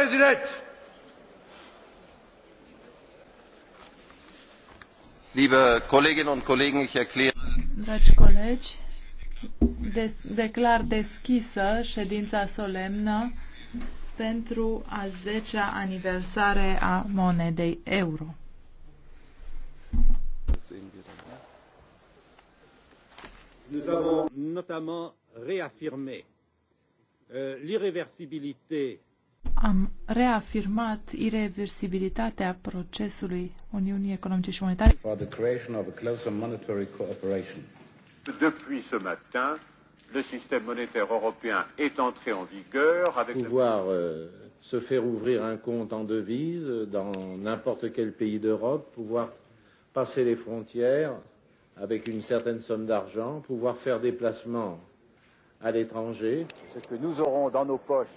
Präsident! Liebe Kolleginnen und Kollegen, ich erkläre. Dragi colegi, des, declar deschisă ședința solemnă pentru a 10-a aniversare a monedei euro. Nous avons notamment réaffirmé euh, l'irréversibilité am reafirmat irreversibilitatea procesului Uniunii Economice și Monetare. For the creation of a closer monetary cooperation. Depuis ce matin, le système monétaire européen est entré en vigueur avec pouvoir euh, se faire ouvrir un compte en devise dans n'importe quel pays d'Europe, pouvoir passer les frontières avec une certaine somme d'argent, pouvoir faire des placements à l'étranger. Ce que nous aurons dans nos poches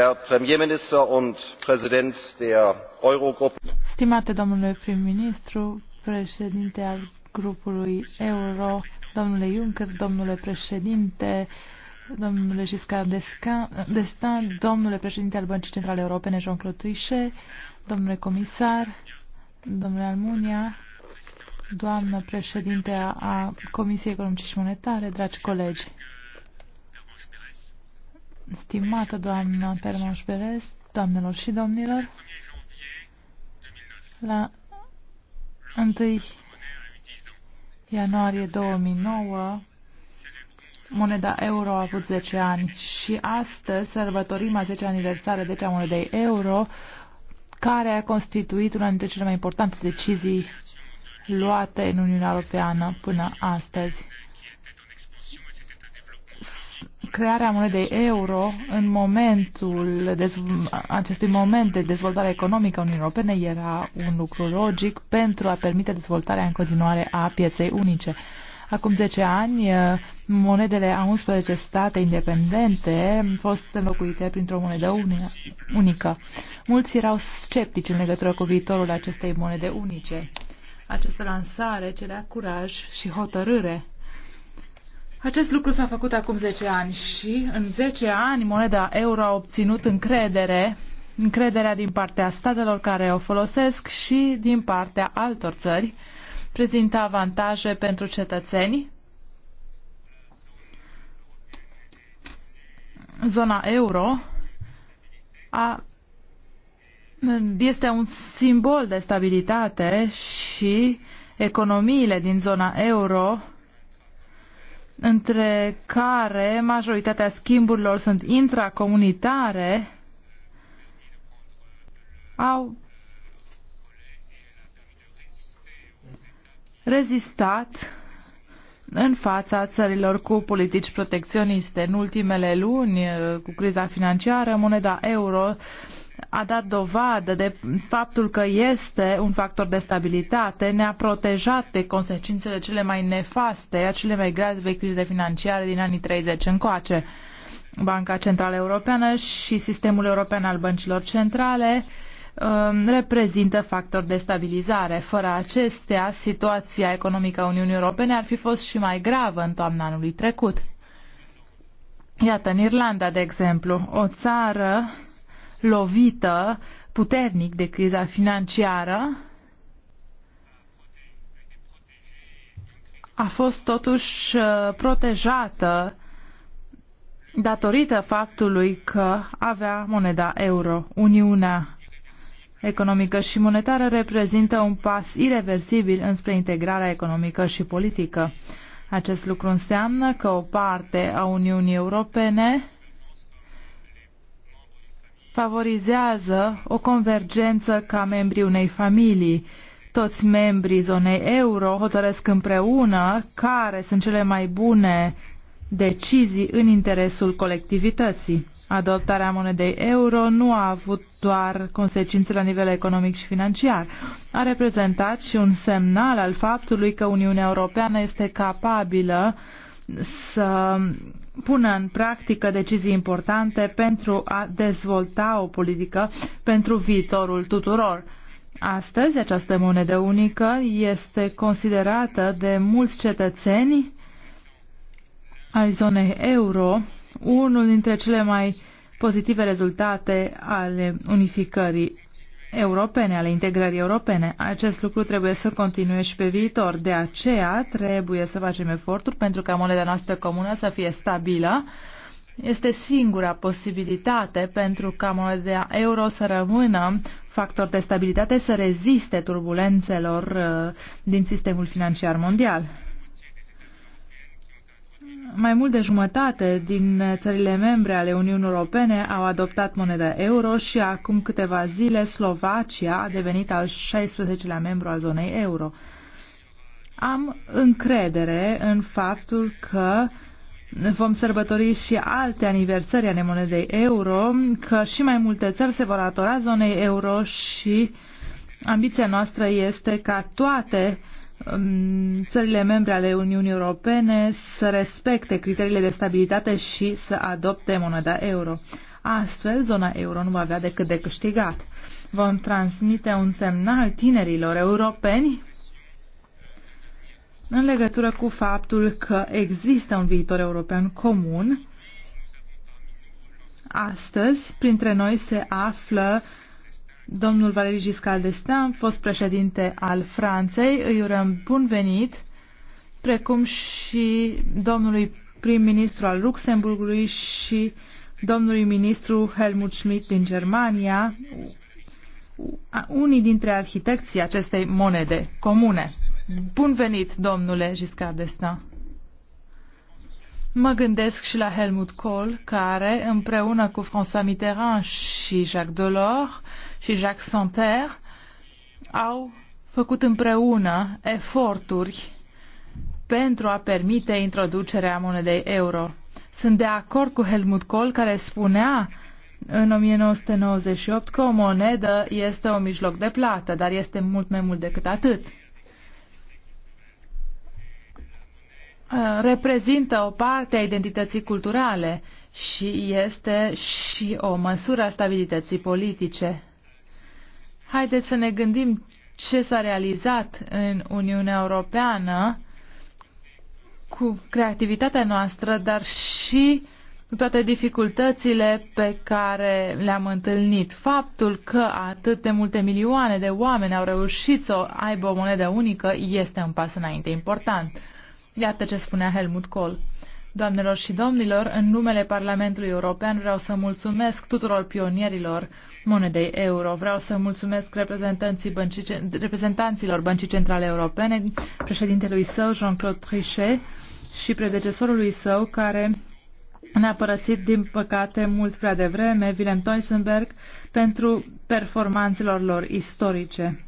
herr premierminister und präsident der eurogruppe stimate domnule prim ministru președinte al grupului euro domnule juncker domnule președinte domnule Giscard d'Estaing, domnule președinte al Băncii Centrale Europene Jean-Claude Trichet, domnule comisar, domnule Almunia, doamnă președinte a Comisiei Economice și Monetare, dragi colegi. Stimată doamnă Permaș Perez, doamnelor și domnilor, la 1 ianuarie 2009, moneda euro a avut 10 ani și astăzi sărbătorim a 10 aniversare, de cea monedei euro, care a constituit una dintre cele mai importante decizii luate în Uniunea Europeană până astăzi crearea monedei euro în momentul acestui moment de dezvoltare economică a Uniunii Europene era un lucru logic pentru a permite dezvoltarea în continuare a pieței unice. Acum 10 ani, eh, monedele a 11 state independente au fost înlocuite printr-o monedă unică. Mulți erau sceptici în legătură cu viitorul acestei monede unice. Această lansare cerea curaj și hotărâre acest lucru s-a făcut acum 10 ani și în 10 ani moneda euro a obținut încredere, încrederea din partea statelor care o folosesc și din partea altor țări, prezintă avantaje pentru cetățeni. Zona euro a, este un simbol de stabilitate și economiile din zona euro între care majoritatea schimburilor sunt intracomunitare, au rezistat în fața țărilor cu politici protecționiste. În ultimele luni, cu criza financiară, moneda euro a dat dovadă de faptul că este un factor de stabilitate, ne-a protejat de consecințele cele mai nefaste, cele mai grave crize financiare din anii 30 încoace. Banca Centrală Europeană și sistemul european al băncilor centrale um, reprezintă factori de stabilizare. Fără acestea, situația economică a Uniunii Europene ar fi fost și mai gravă în toamna anului trecut. Iată, în Irlanda, de exemplu, o țară lovită puternic de criza financiară, a fost totuși uh, protejată datorită faptului că avea moneda euro. Uniunea economică și monetară reprezintă un pas irreversibil înspre integrarea economică și politică. Acest lucru înseamnă că o parte a Uniunii Europene favorizează o convergență ca membrii unei familii. Toți membrii zonei euro hotărăsc împreună care sunt cele mai bune decizii în interesul colectivității. Adoptarea monedei euro nu a avut doar consecințe la nivel economic și financiar. A reprezentat și un semnal al faptului că Uniunea Europeană este capabilă să pună în practică decizii importante pentru a dezvolta o politică pentru viitorul tuturor. Astăzi, această monedă unică este considerată de mulți cetățeni ai zonei euro unul dintre cele mai pozitive rezultate ale unificării europene, ale integrării europene. Acest lucru trebuie să continue și pe viitor. De aceea trebuie să facem eforturi pentru ca moneda noastră comună să fie stabilă. Este singura posibilitate pentru ca moneda euro să rămână factor de stabilitate, să reziste turbulențelor uh, din sistemul financiar mondial. Mai mult de jumătate din țările membre ale Uniunii Europene au adoptat moneda euro și acum câteva zile Slovacia a devenit al 16-lea membru al zonei euro. Am încredere în faptul că vom sărbători și alte aniversări ale monedei euro, că și mai multe țări se vor atora zonei euro și ambiția noastră este ca toate țările membre ale Uniunii Europene să respecte criteriile de stabilitate și să adopte moneda euro. Astfel, zona euro nu va avea decât de câștigat. Vom transmite un semnal tinerilor europeni în legătură cu faptul că există un viitor european comun. Astăzi, printre noi se află Domnul Valéry Giscard d'Estaing, fost președinte al Franței, îi urăm bun venit, precum și domnului prim-ministru al Luxemburgului și domnului ministru Helmut Schmidt din Germania, unii dintre arhitecții acestei monede comune. Bun venit, domnule Giscard d'Estaing! Mă gândesc și la Helmut Kohl, care, împreună cu François Mitterrand și Jacques Delors, și Jacques Santer au făcut împreună eforturi pentru a permite introducerea monedei euro. Sunt de acord cu Helmut Kohl care spunea în 1998 că o monedă este un mijloc de plată, dar este mult mai mult decât atât. Uh, reprezintă o parte a identității culturale și este și o măsură a stabilității politice. Haideți să ne gândim ce s-a realizat în Uniunea Europeană cu creativitatea noastră, dar și cu toate dificultățile pe care le-am întâlnit. Faptul că atât de multe milioane de oameni au reușit să aibă o monedă unică este un pas înainte important. Iată ce spunea Helmut Kohl. Doamnelor și domnilor, în numele Parlamentului European vreau să mulțumesc tuturor pionierilor monedei euro. Vreau să mulțumesc reprezentanții băncii, reprezentanților Băncii Centrale Europene, președintelui său, Jean-Claude Trichet, și predecesorului său, care ne-a părăsit, din păcate, mult prea devreme, Willem Teusenberg, pentru performanțelor lor istorice.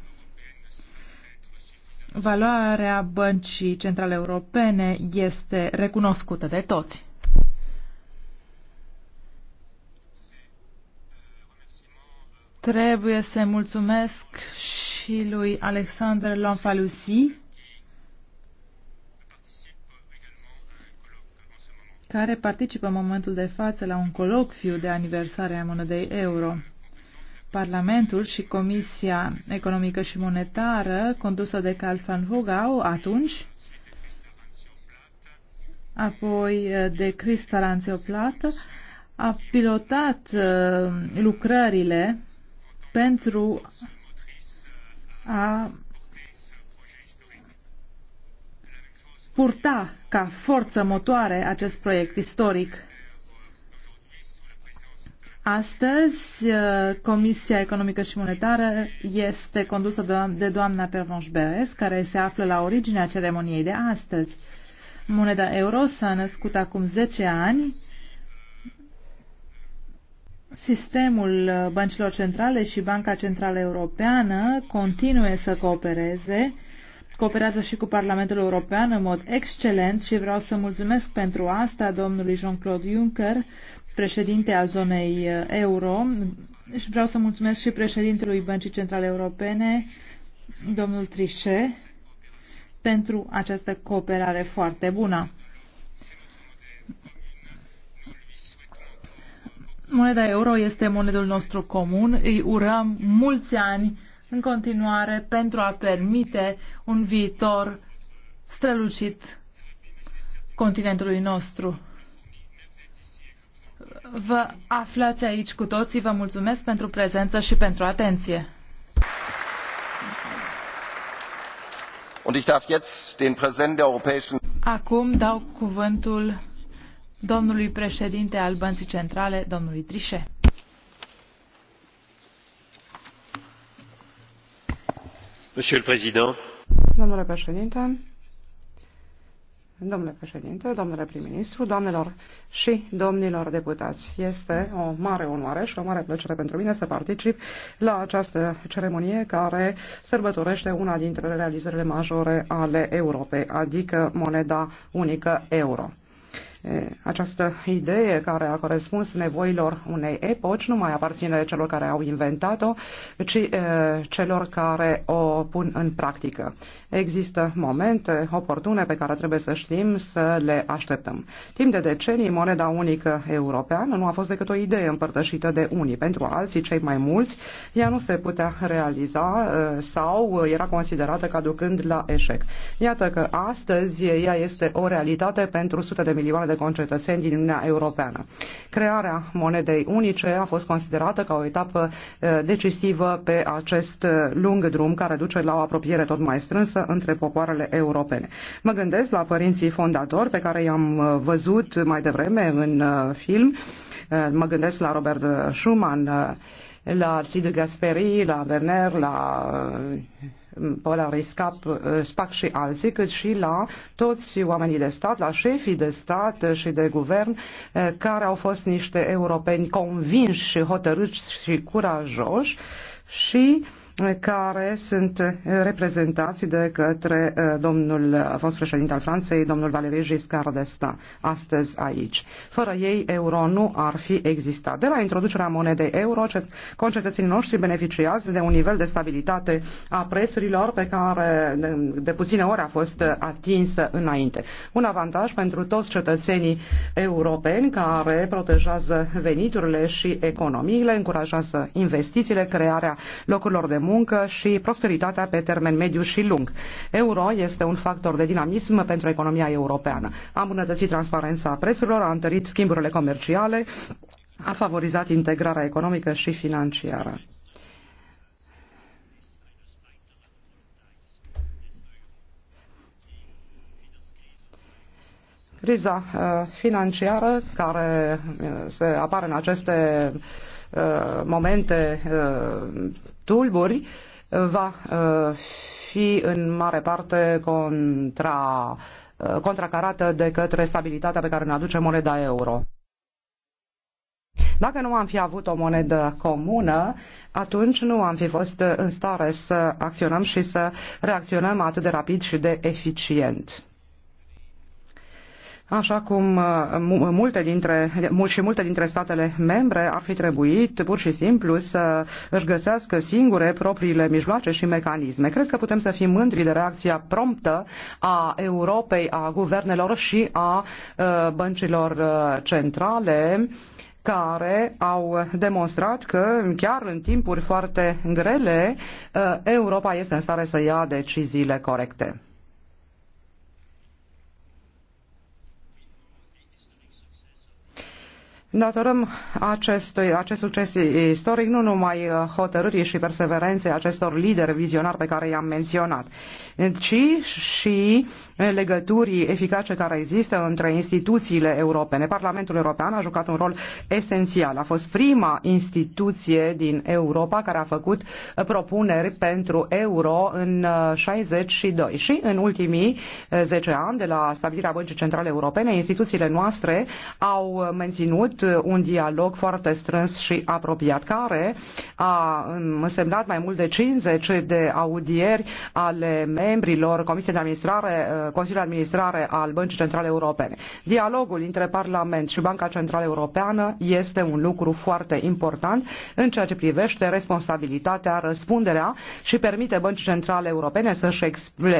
Valoarea băncii centrale europene este recunoscută de toți. Trebuie să mulțumesc și lui Alexandre Lomfalusi, care participă în momentul de față la un colocviu de aniversare a monedei euro. Parlamentul și Comisia Economică și Monetară, condusă de Carl van Hugau, atunci, apoi eh, de Cristal Anțioplat, a pilotat eh, lucrările pentru a purta ca forță motoare acest proiect istoric. Astăzi, uh, Comisia Economică și Monetară este condusă de doamna Pervonș Beres, care se află la originea ceremoniei de astăzi. Moneda euro s-a născut acum 10 ani. Sistemul uh, băncilor centrale și Banca Centrală Europeană continuă să coopereze cooperează și cu Parlamentul European în mod excelent și vreau să mulțumesc pentru asta domnului Jean-Claude Juncker, președinte al zonei uh, euro și vreau să mulțumesc și președintelui Băncii Centrale Europene, domnul Trichet, pentru această cooperare foarte bună. Moneda euro este monedul nostru comun. Îi urăm mulți ani în continuare pentru a permite un viitor strălucit continentului nostru vă aflați aici cu toții. Vă mulțumesc pentru prezență și pentru atenție. Und ich darf jetzt den der Europäischen Acum dau cuvântul domnului președinte al Băncii Centrale, domnului Trișe. Monsieur le Président. Domnule președinte, Domnule președinte, domnule prim-ministru, doamnelor și domnilor deputați, este o mare onoare și o mare plăcere pentru mine să particip la această ceremonie care sărbătorește una dintre realizările majore ale Europei, adică moneda unică euro. Această idee care a corespuns nevoilor unei epoci nu mai aparține celor care au inventat-o, ci celor care o pun în practică. Există momente oportune pe care trebuie să știm să le așteptăm. Timp de decenii, moneda unică europeană nu a fost decât o idee împărtășită de unii. Pentru alții, cei mai mulți, ea nu se putea realiza sau era considerată ca ducând la eșec. Iată că astăzi ea este o realitate pentru sute de milioane de de concetățeni din Uniunea Europeană. Crearea monedei unice a fost considerată ca o etapă uh, decisivă pe acest uh, lung drum care duce la o apropiere tot mai strânsă între popoarele europene. Mă gândesc la părinții fondatori pe care i-am uh, văzut mai devreme în film. Mă gândesc la Robert Schumann, la Arsidul Gasperi, la Werner, la Polaris Cap, eh, SPAC și alții, cât și la toți oamenii de stat, la șefii de stat și de guvern, eh, care au fost niște europeni convinși, hotărâți și curajoși și uh, care sunt reprezentați de către uh, domnul uh, fost președinte al Franței, domnul Valéry Giscard d'Estaing, astăzi aici. Fără ei, euro nu ar fi existat. De la introducerea monedei euro, concetățenii noștri beneficiază de un nivel de stabilitate a prețurilor pe care de puține ori a fost atinsă înainte. Un avantaj pentru toți cetățenii europeni care protejează veniturile și economiile, încurajează investițiile, crearea locurilor de muncă și prosperitatea pe termen mediu și lung. Euro este un factor de dinamism pentru economia europeană. A îmbunătățit transparența prețurilor, a întărit schimburile comerciale, a favorizat integrarea economică și financiară. criza uh, financiară care uh, se apare în aceste uh, momente tulburi uh, va uh, fi în mare parte contra, uh, contracarată de către stabilitatea pe care ne aduce moneda euro. Dacă nu am fi avut o monedă comună, atunci nu am fi fost în stare să acționăm și să reacționăm atât de rapid și de eficient. Așa cum uh, uh, multe dintre, și multe dintre statele membre ar fi trebuit pur și simplu să își găsească singure propriile mijloace și mecanisme. Cred că putem să fim mândri de reacția promptă a Europei, a guvernelor și a uh, băncilor centrale care au demonstrat că chiar în timpuri foarte grele Europa este în stare să ia deciziile corecte. Datorăm acest, acest succes istoric nu numai uh, hotărârii și perseverenței acestor lideri vizionari pe care i-am menționat, ci și legăturii eficace care există între instituțiile europene. Parlamentul European a jucat un rol esențial. A fost prima instituție din Europa care a făcut propuneri pentru euro în 62 uh, și în ultimii 10 uh, ani de la stabilirea Băncii Centrale Europene, instituțiile noastre au menținut uh, un dialog foarte strâns și apropiat, care a um, însemnat mai mult de 50 de audieri ale membrilor Comisiei de Administrare Consiliul Administrare al Băncii Centrale Europene. Dialogul între Parlament și Banca Centrală Europeană este un lucru foarte important în ceea ce privește responsabilitatea, răspunderea și permite Băncii Centrale Europene să-și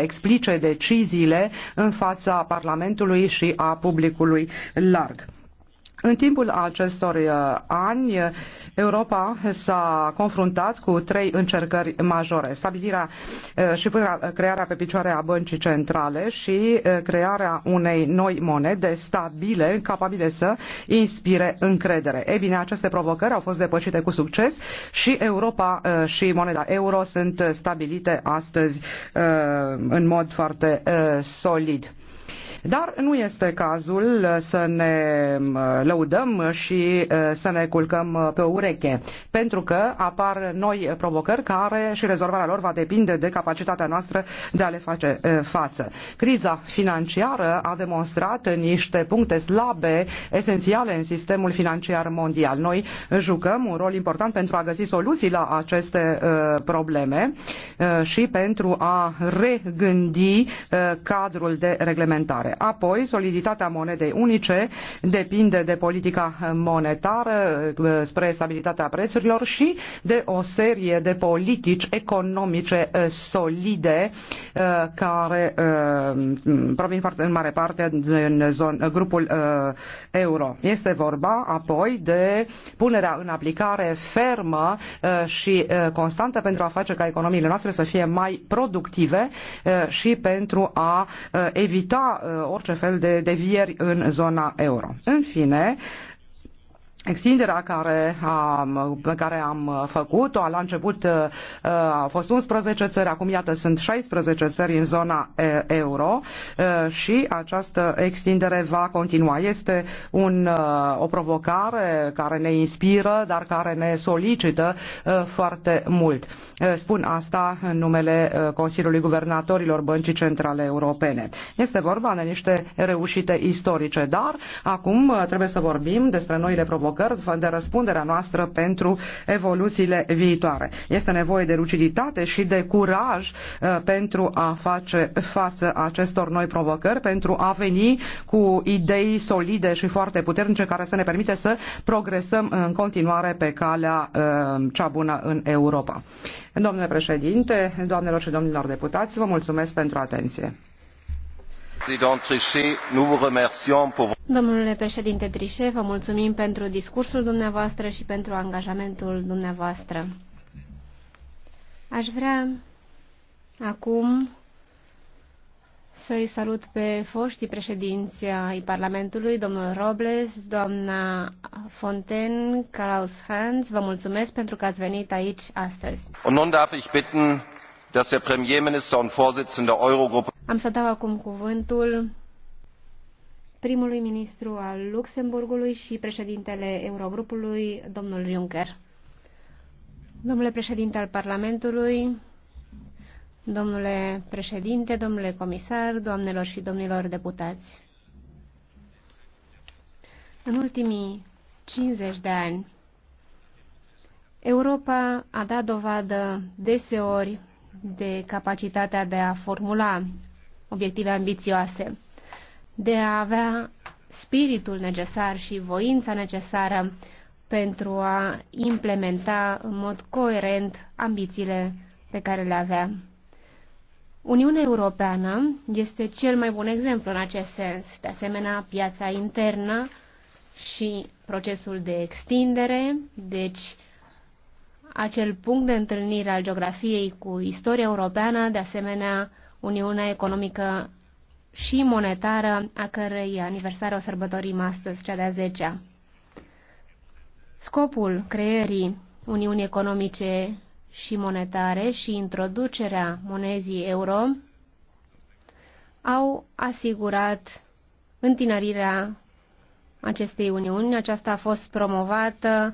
explice deciziile în fața Parlamentului și a publicului larg. În timpul acestor uh, ani, Europa s-a confruntat cu trei încercări majore. Stabilirea uh, și până crearea pe picioare a băncii centrale și uh, crearea unei noi monede stabile, capabile să inspire încredere. Ei bine, aceste provocări au fost depășite cu succes și Europa și moneda euro sunt stabilite astăzi în mod foarte solid. Dar nu este cazul uh, să ne uh, lăudăm și uh, să ne culcăm pe ureche, pentru că apar noi provocări care și rezolvarea lor va depinde de capacitatea noastră de a le face față. Criza financiară a demonstrat niște puncte slabe esențiale în sistemul financiar mondial. Noi jucăm un rol important pentru a găsi soluții la aceste probleme și pentru a regândi cadrul de reglementare. Apoi, soliditatea monedei unice depinde de politica monetară eh, spre stabilitatea prețurilor și de o serie de politici economice eh, solide eh, care provin foarte în mare parte din zon, grupul euro. Este vorba apoi de punerea în aplicare fermă și constantă pentru a face ca economiile noastre să fie mai productive și pentru a evita orice fel de devieri în zona euro. În fine, Extinderea care am, pe care am făcut-o la început uh, a fost 11 țări, acum iată sunt 16 țări în zona euro uh, și această extindere va continua. Este un, uh, o provocare care ne inspiră, dar care ne solicită foarte mult. Spun asta în numele Consiliului Guvernatorilor Băncii Centrale Europene. Este vorba de niște reușite istorice, dar acum trebuie să vorbim despre noile provocări Bogart de răspunderea noastră pentru evoluțiile viitoare. Este nevoie de luciditate și de curaj uh, pentru a face față acestor noi provocări, pentru a veni cu idei solide și foarte puternice care să ne permite să progresăm în continuare pe calea uh, cea bună în Europa. Domnule președinte, doamnelor și domnilor deputați, vă mulțumesc pentru atenție. Domnule președinte Trichet, vă mulțumim pentru discursul dumneavoastră și pentru angajamentul dumneavoastră. Aș vrea acum să-i salut pe foștii președinți ai Parlamentului, domnul Robles, doamna Fontaine, Klaus Hans. Vă mulțumesc pentru că ați venit aici astăzi. Und nun darf ich bitten, dass der Premierminister und Vorsitzende der Eurogruppe Am să dau acum cuvântul primului ministru al Luxemburgului și președintele Eurogrupului, domnul Juncker. Domnule președinte al Parlamentului, domnule președinte, domnule comisar, doamnelor și domnilor deputați. În ultimii 50 de ani, Europa a dat dovadă deseori de capacitatea de a formula obiective ambițioase, de a avea spiritul necesar și voința necesară pentru a implementa în mod coerent ambițiile pe care le avea. Uniunea Europeană este cel mai bun exemplu în acest sens. De asemenea, piața internă și procesul de extindere, deci acel punct de întâlnire al geografiei cu istoria europeană, de asemenea Uniunea Economică și Monetară, a cărei aniversare o sărbătorim astăzi, cea de-a 10-a. Scopul creierii Uniunii Economice și Monetare și introducerea monezii euro au asigurat întinărirea acestei uniuni. Aceasta a fost promovată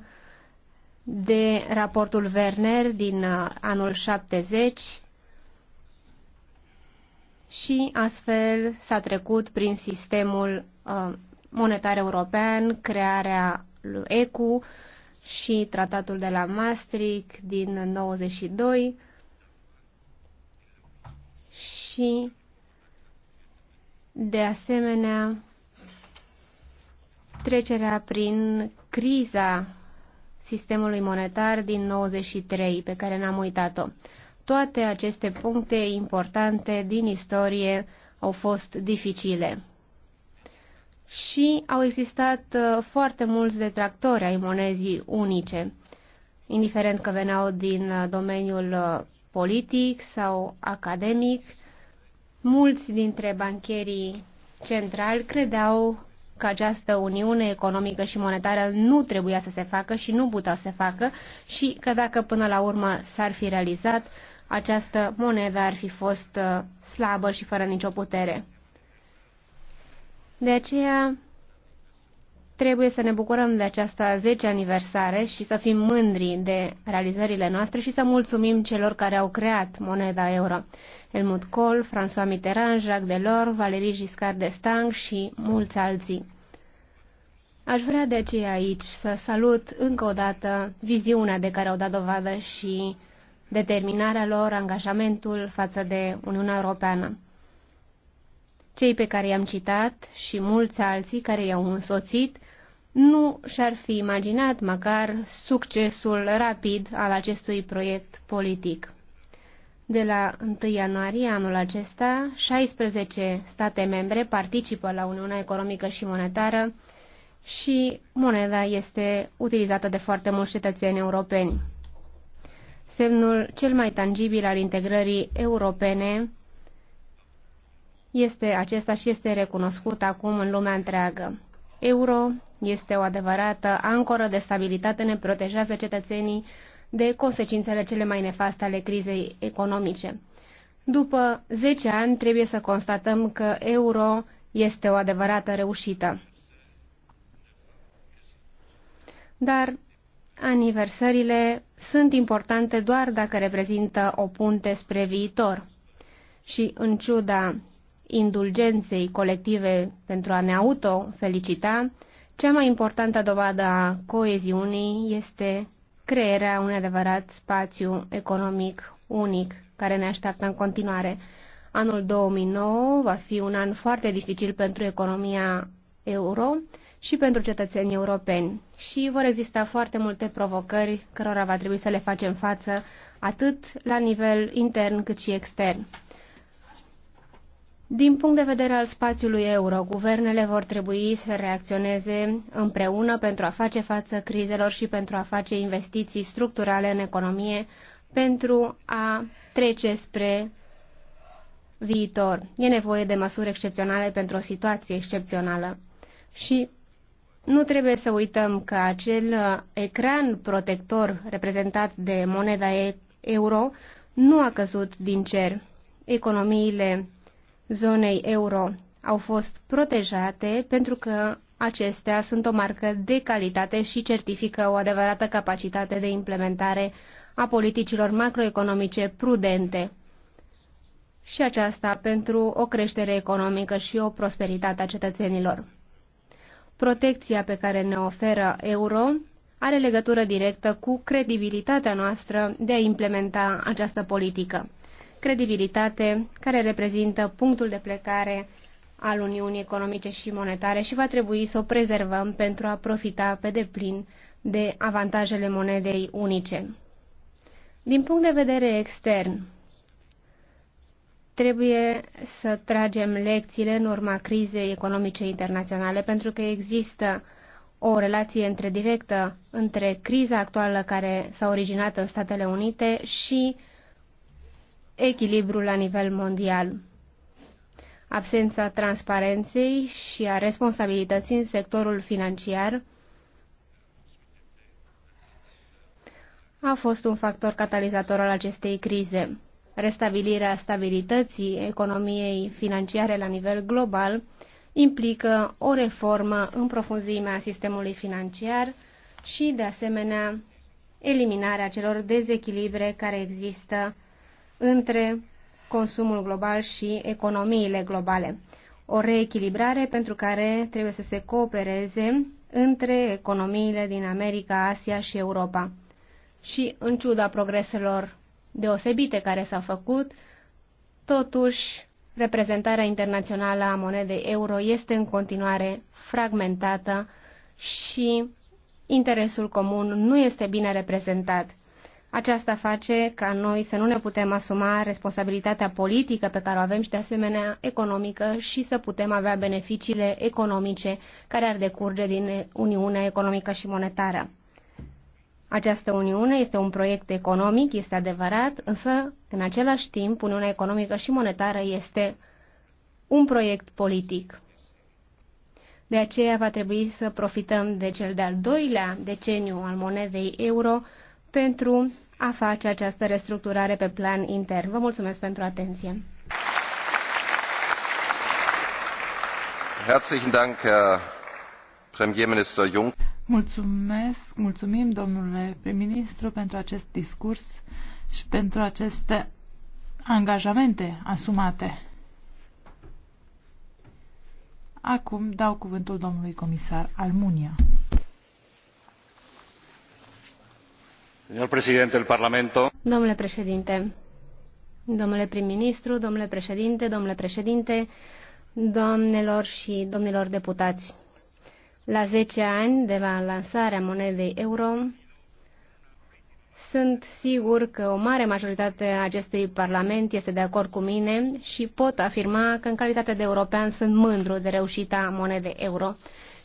de raportul Werner din uh, anul 70 și astfel s-a trecut prin sistemul uh, monetar european, crearea lui ECU și tratatul de la Maastricht din 92 și de asemenea trecerea prin criza sistemului monetar din 93, pe care n-am uitat-o. Toate aceste puncte importante din istorie au fost dificile. Și au existat uh, foarte mulți detractori ai monezii unice, indiferent că veneau din uh, domeniul uh, politic sau academic, mulți dintre bancherii centrali credeau că această uniune economică și monetară nu trebuia să se facă și nu putea să se facă și că dacă până la urmă s-ar fi realizat, această monedă ar fi fost uh, slabă și fără nicio putere. De aceea Trebuie să ne bucurăm de această 10 aniversare și să fim mândri de realizările noastre și să mulțumim celor care au creat moneda euro. Helmut Kohl, François Mitterrand, Jacques Delors, Valéry Giscard d'Estaing și mulți alții. Aș vrea de aceea aici să salut încă o dată viziunea de care au dat dovadă și determinarea lor, angajamentul față de Uniunea Europeană. Cei pe care i-am citat și mulți alții care i-au însoțit nu și-ar fi imaginat măcar succesul rapid al acestui proiect politic. De la 1 ianuarie anul acesta, 16 state membre participă la Uniunea Economică și Monetară și moneda este utilizată de foarte mulți cetățeni europeni. Semnul cel mai tangibil al integrării europene este acesta și este recunoscut acum în lumea întreagă. Euro este o adevărată ancoră de stabilitate, ne protejează cetățenii de consecințele cele mai nefaste ale crizei economice. După 10 ani trebuie să constatăm că euro este o adevărată reușită. Dar aniversările sunt importante doar dacă reprezintă o punte spre viitor. Și în ciuda indulgenței colective pentru a ne auto-felicita, cea mai importantă dovadă a coeziunii este crearea unui adevărat spațiu economic unic care ne așteaptă în continuare. Anul 2009 va fi un an foarte dificil pentru economia euro și pentru cetățenii europeni și vor exista foarte multe provocări cărora va trebui să le facem față atât la nivel intern cât și extern. Din punct de vedere al spațiului euro, guvernele vor trebui să reacționeze împreună pentru a face față crizelor și pentru a face investiții structurale în economie pentru a trece spre viitor. E nevoie de măsuri excepționale pentru o situație excepțională. Și nu trebuie să uităm că acel ecran protector reprezentat de moneda euro nu a căzut din cer. Economiile zonei euro au fost protejate pentru că acestea sunt o marcă de calitate și certifică o adevărată capacitate de implementare a politicilor macroeconomice prudente. Și aceasta pentru o creștere economică și o prosperitate a cetățenilor. Protecția pe care ne oferă euro are legătură directă cu credibilitatea noastră de a implementa această politică credibilitate care reprezintă punctul de plecare al Uniunii Economice și Monetare și va trebui să o prezervăm pentru a profita pe deplin de avantajele monedei unice. Din punct de vedere extern, trebuie să tragem lecțiile în urma crizei economice internaționale, pentru că există o relație între directă între criza actuală care s-a originat în Statele Unite și echilibru la nivel mondial. Absența transparenței și a responsabilității în sectorul financiar a fost un factor catalizator al acestei crize. Restabilirea stabilității economiei financiare la nivel global implică o reformă în profunzime a sistemului financiar și, de asemenea, eliminarea celor dezechilibre care există între consumul global și economiile globale. O reechilibrare pentru care trebuie să se coopereze între economiile din America, Asia și Europa. Și în ciuda progreselor deosebite care s-au făcut, totuși reprezentarea internațională a monedei euro este în continuare fragmentată și interesul comun nu este bine reprezentat. Aceasta face ca noi să nu ne putem asuma responsabilitatea politică pe care o avem și de asemenea economică și să putem avea beneficiile economice care ar decurge din Uniunea Economică și Monetară. Această Uniune este un proiect economic, este adevărat, însă în același timp Uniunea Economică și Monetară este un proiect politic. De aceea va trebui să profităm de cel de-al doilea deceniu al monedei euro pentru a face această restructurare pe plan intern. Vă mulțumesc pentru atenție. Herzlichen Dank, Premierminister Jung. Mulțumesc, mulțumim domnule prim-ministru pentru acest discurs și pentru aceste angajamente asumate. Acum dau cuvântul domnului comisar Almunia. Domnule președinte, domnule prim-ministru, domnule președinte, domnule președinte, doamnelor și domnilor deputați. La zece ani de la lansarea monedei euro, sunt sigur că o mare majoritate a acestui Parlament este de acord cu mine și pot afirma că în calitate de european sunt mândru de reușita monedei euro.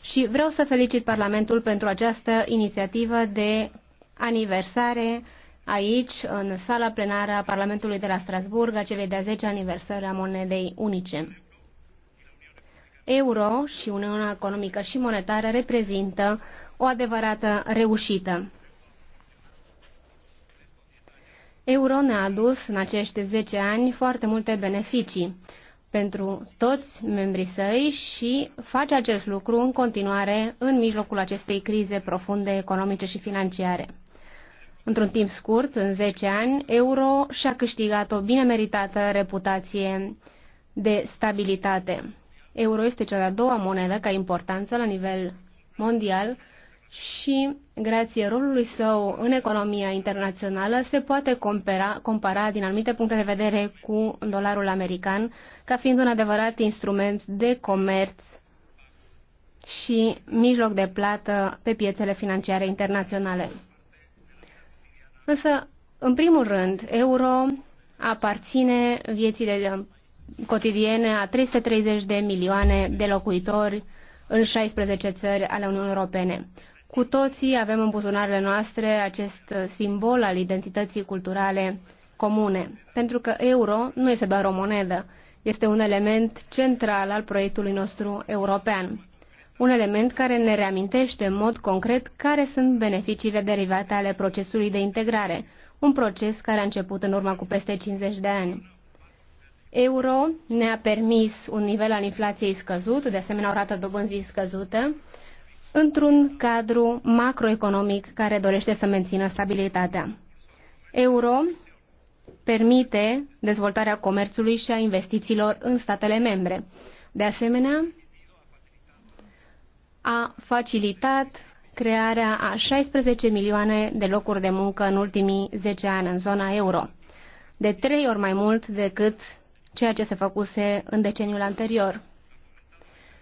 Și vreau să felicit Parlamentul pentru această inițiativă de aniversare aici, în sala plenară a Parlamentului de la Strasburg, a celei de-a 10 aniversări a monedei unice. Euro și Uniunea Economică și Monetară reprezintă o adevărată reușită. Euro ne-a adus în acești 10 ani foarte multe beneficii pentru toți membrii săi și face acest lucru în continuare în mijlocul acestei crize profunde economice și financiare. Într-un timp scurt, în 10 ani, euro și-a câștigat o bine meritată reputație de stabilitate. Euro este cea de-a doua monedă ca importanță la nivel mondial și, grație rolului său în economia internațională, se poate compara, compara din anumite puncte de vedere cu dolarul american, ca fiind un adevărat instrument de comerț și mijloc de plată pe piețele financiare internaționale. Însă, în primul rând, euro aparține vieții de cotidiene a 330 de milioane de locuitori în 16 țări ale Uniunii Europene. Cu toții avem în buzunarele noastre acest simbol al identității culturale comune, pentru că euro nu este doar o monedă, este un element central al proiectului nostru european un element care ne reamintește în mod concret care sunt beneficiile derivate ale procesului de integrare, un proces care a început în urmă cu peste 50 de ani. Euro ne-a permis un nivel al inflației scăzut, de asemenea o rată dobânzii scăzută, într-un cadru macroeconomic care dorește să mențină stabilitatea. Euro permite dezvoltarea comerțului și a investițiilor în statele membre. De asemenea, a facilitat crearea a 16 milioane de locuri de muncă în ultimii 10 ani în zona euro, de trei ori mai mult decât ceea ce se făcuse în deceniul anterior.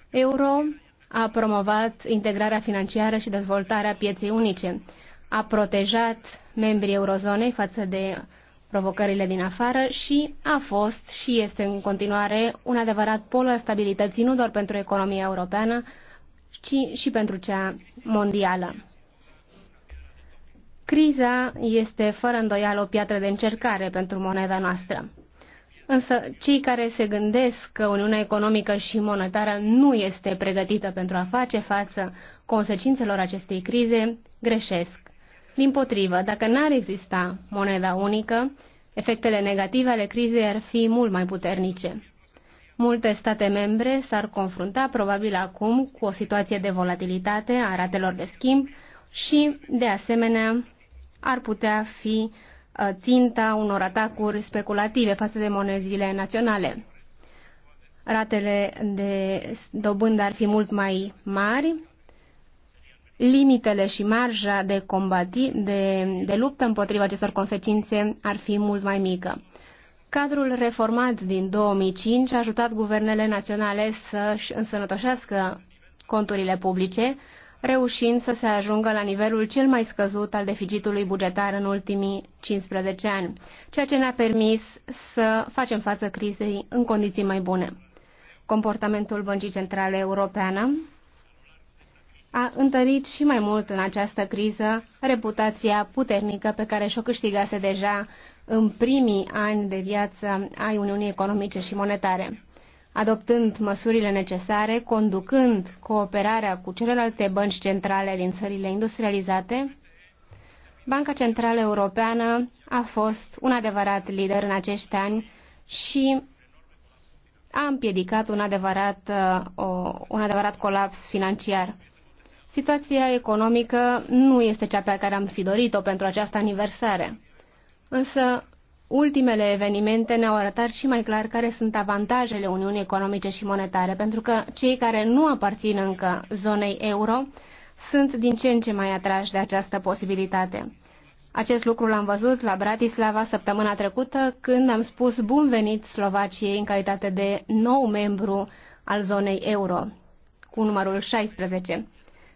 Euro a promovat integrarea financiară și dezvoltarea pieței unice, a protejat membrii eurozonei față de provocările din afară și a fost și este în continuare un adevărat pol al stabilității nu doar pentru economia europeană, ci și pentru cea mondială. Criza este fără îndoială o piatră de încercare pentru moneda noastră. Însă cei care se gândesc că Uniunea Economică și Monetară nu este pregătită pentru a face față consecințelor acestei crize, greșesc. Din potrivă, dacă n-ar exista moneda unică, efectele negative ale crizei ar fi mult mai puternice. Multe state membre s-ar confrunta probabil acum cu o situație de volatilitate a ratelor de schimb și, de asemenea, ar putea fi uh, ținta unor atacuri speculative față de monezile naționale. Ratele de dobândă ar fi mult mai mari, limitele și marja de, combati, de, de luptă împotriva acestor consecințe ar fi mult mai mică. Cadrul reformat din 2005 a ajutat guvernele naționale să-și însănătoșească conturile publice, reușind să se ajungă la nivelul cel mai scăzut al deficitului bugetar în ultimii 15 ani, ceea ce ne-a permis să facem față crizei în condiții mai bune. Comportamentul Băncii Centrale Europeană a întărit și mai mult în această criză reputația puternică pe care și-o câștigase deja în primii ani de viață ai Uniunii Economice și Monetare, adoptând măsurile necesare, conducând cooperarea cu celelalte bănci centrale din țările industrializate, Banca Centrală Europeană a fost un adevărat lider în acești ani și a împiedicat un adevărat, uh, o, un adevărat colaps financiar. Situația economică nu este cea pe care am fi dorit-o pentru această aniversare însă ultimele evenimente ne-au arătat și mai clar care sunt avantajele Uniunii Economice și Monetare, pentru că cei care nu aparțin încă zonei euro sunt din ce în ce mai atrași de această posibilitate. Acest lucru l-am văzut la Bratislava săptămâna trecută, când am spus bun venit Slovaciei în calitate de nou membru al zonei euro, cu numărul 16.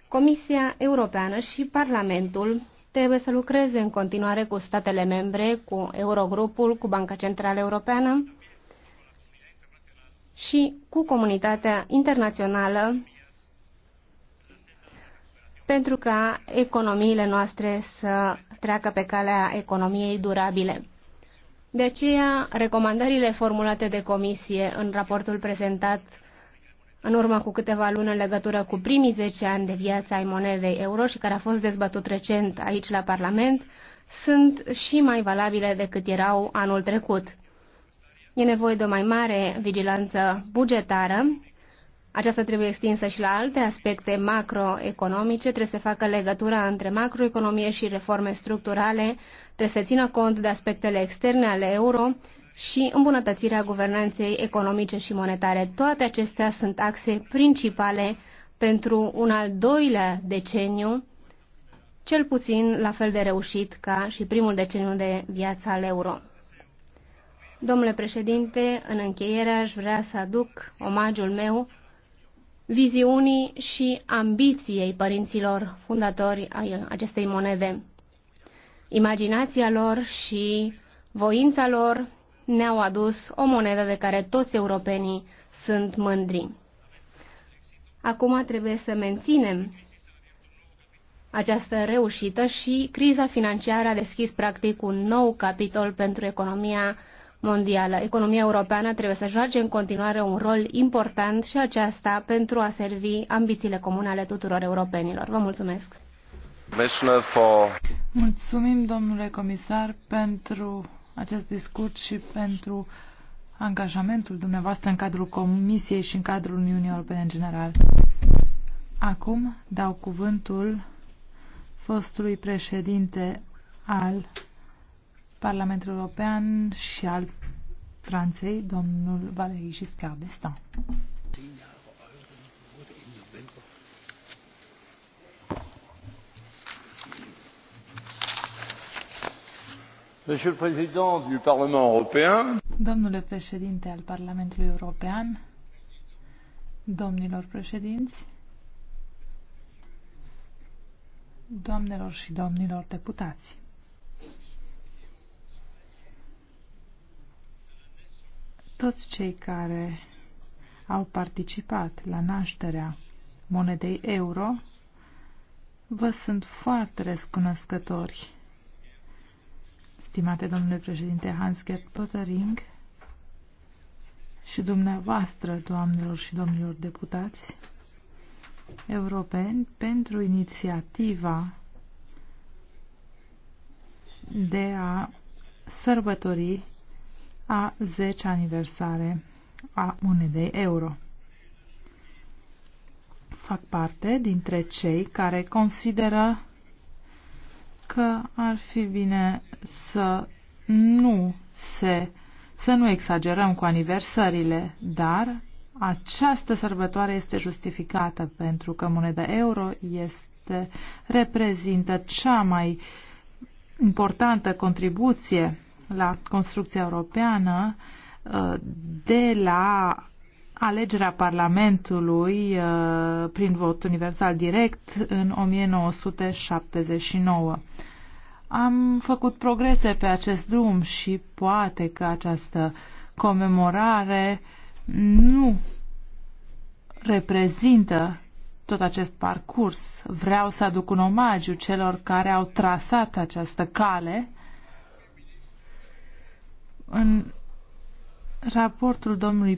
Comisia Europeană și Parlamentul trebuie să lucreze în continuare cu statele membre, cu Eurogrupul, cu Banca Centrală Europeană și cu comunitatea internațională pentru ca economiile noastre să treacă pe calea economiei durabile. De aceea, recomandările formulate de comisie în raportul prezentat în urmă cu câteva luni în legătură cu primii 10 ani de viață ai monedei euro și care a fost dezbătut recent aici la Parlament, sunt și mai valabile decât erau anul trecut. E nevoie de o mai mare vigilanță bugetară. Aceasta trebuie extinsă și la alte aspecte macroeconomice. Trebuie să facă legătura între macroeconomie și reforme structurale. Trebuie să țină cont de aspectele externe ale euro și îmbunătățirea guvernanței economice și monetare. Toate acestea sunt axe principale pentru un al doilea deceniu, cel puțin la fel de reușit ca și primul deceniu de viață al euro. Domnule președinte, în încheiere aș vrea să aduc omagiul meu viziunii și ambiției părinților fundatori ai acestei monede. Imaginația lor și voința lor ne-au adus o monedă de care toți europenii sunt mândri. Acum trebuie să menținem această reușită și criza financiară a deschis practic un nou capitol pentru economia mondială. Economia europeană trebuie să joace în continuare un rol important și aceasta pentru a servi ambițiile comune ale tuturor europenilor. Vă mulțumesc! Mulțumim, domnule comisar, pentru acest discurs și pentru angajamentul dumneavoastră în cadrul Comisiei și în cadrul Uniunii Europene în general. Acum dau cuvântul fostului președinte al Parlamentului European și al Franței, domnul Valéry Giscard d'Estaing. Domnule președinte al Parlamentului European, domnilor președinți, doamnelor și domnilor deputați. Toți cei care au participat la nașterea monedei euro vă sunt foarte recunoscători Stimate domnule președinte Hans-Gert Pottering și dumneavoastră, doamnelor și domnilor deputați europeni, pentru inițiativa de a sărbători a 10 aniversare a monedei euro. Fac parte dintre cei care consideră că ar fi bine să nu se să nu exagerăm cu aniversările, dar această sărbătoare este justificată pentru că moneda euro este reprezintă cea mai importantă contribuție la construcția europeană uh, de la alegerea Parlamentului uh, prin vot universal direct în 1979. Am făcut progrese pe acest drum și poate că această comemorare nu reprezintă tot acest parcurs. Vreau să aduc un omagiu celor care au trasat această cale în Raportul domnului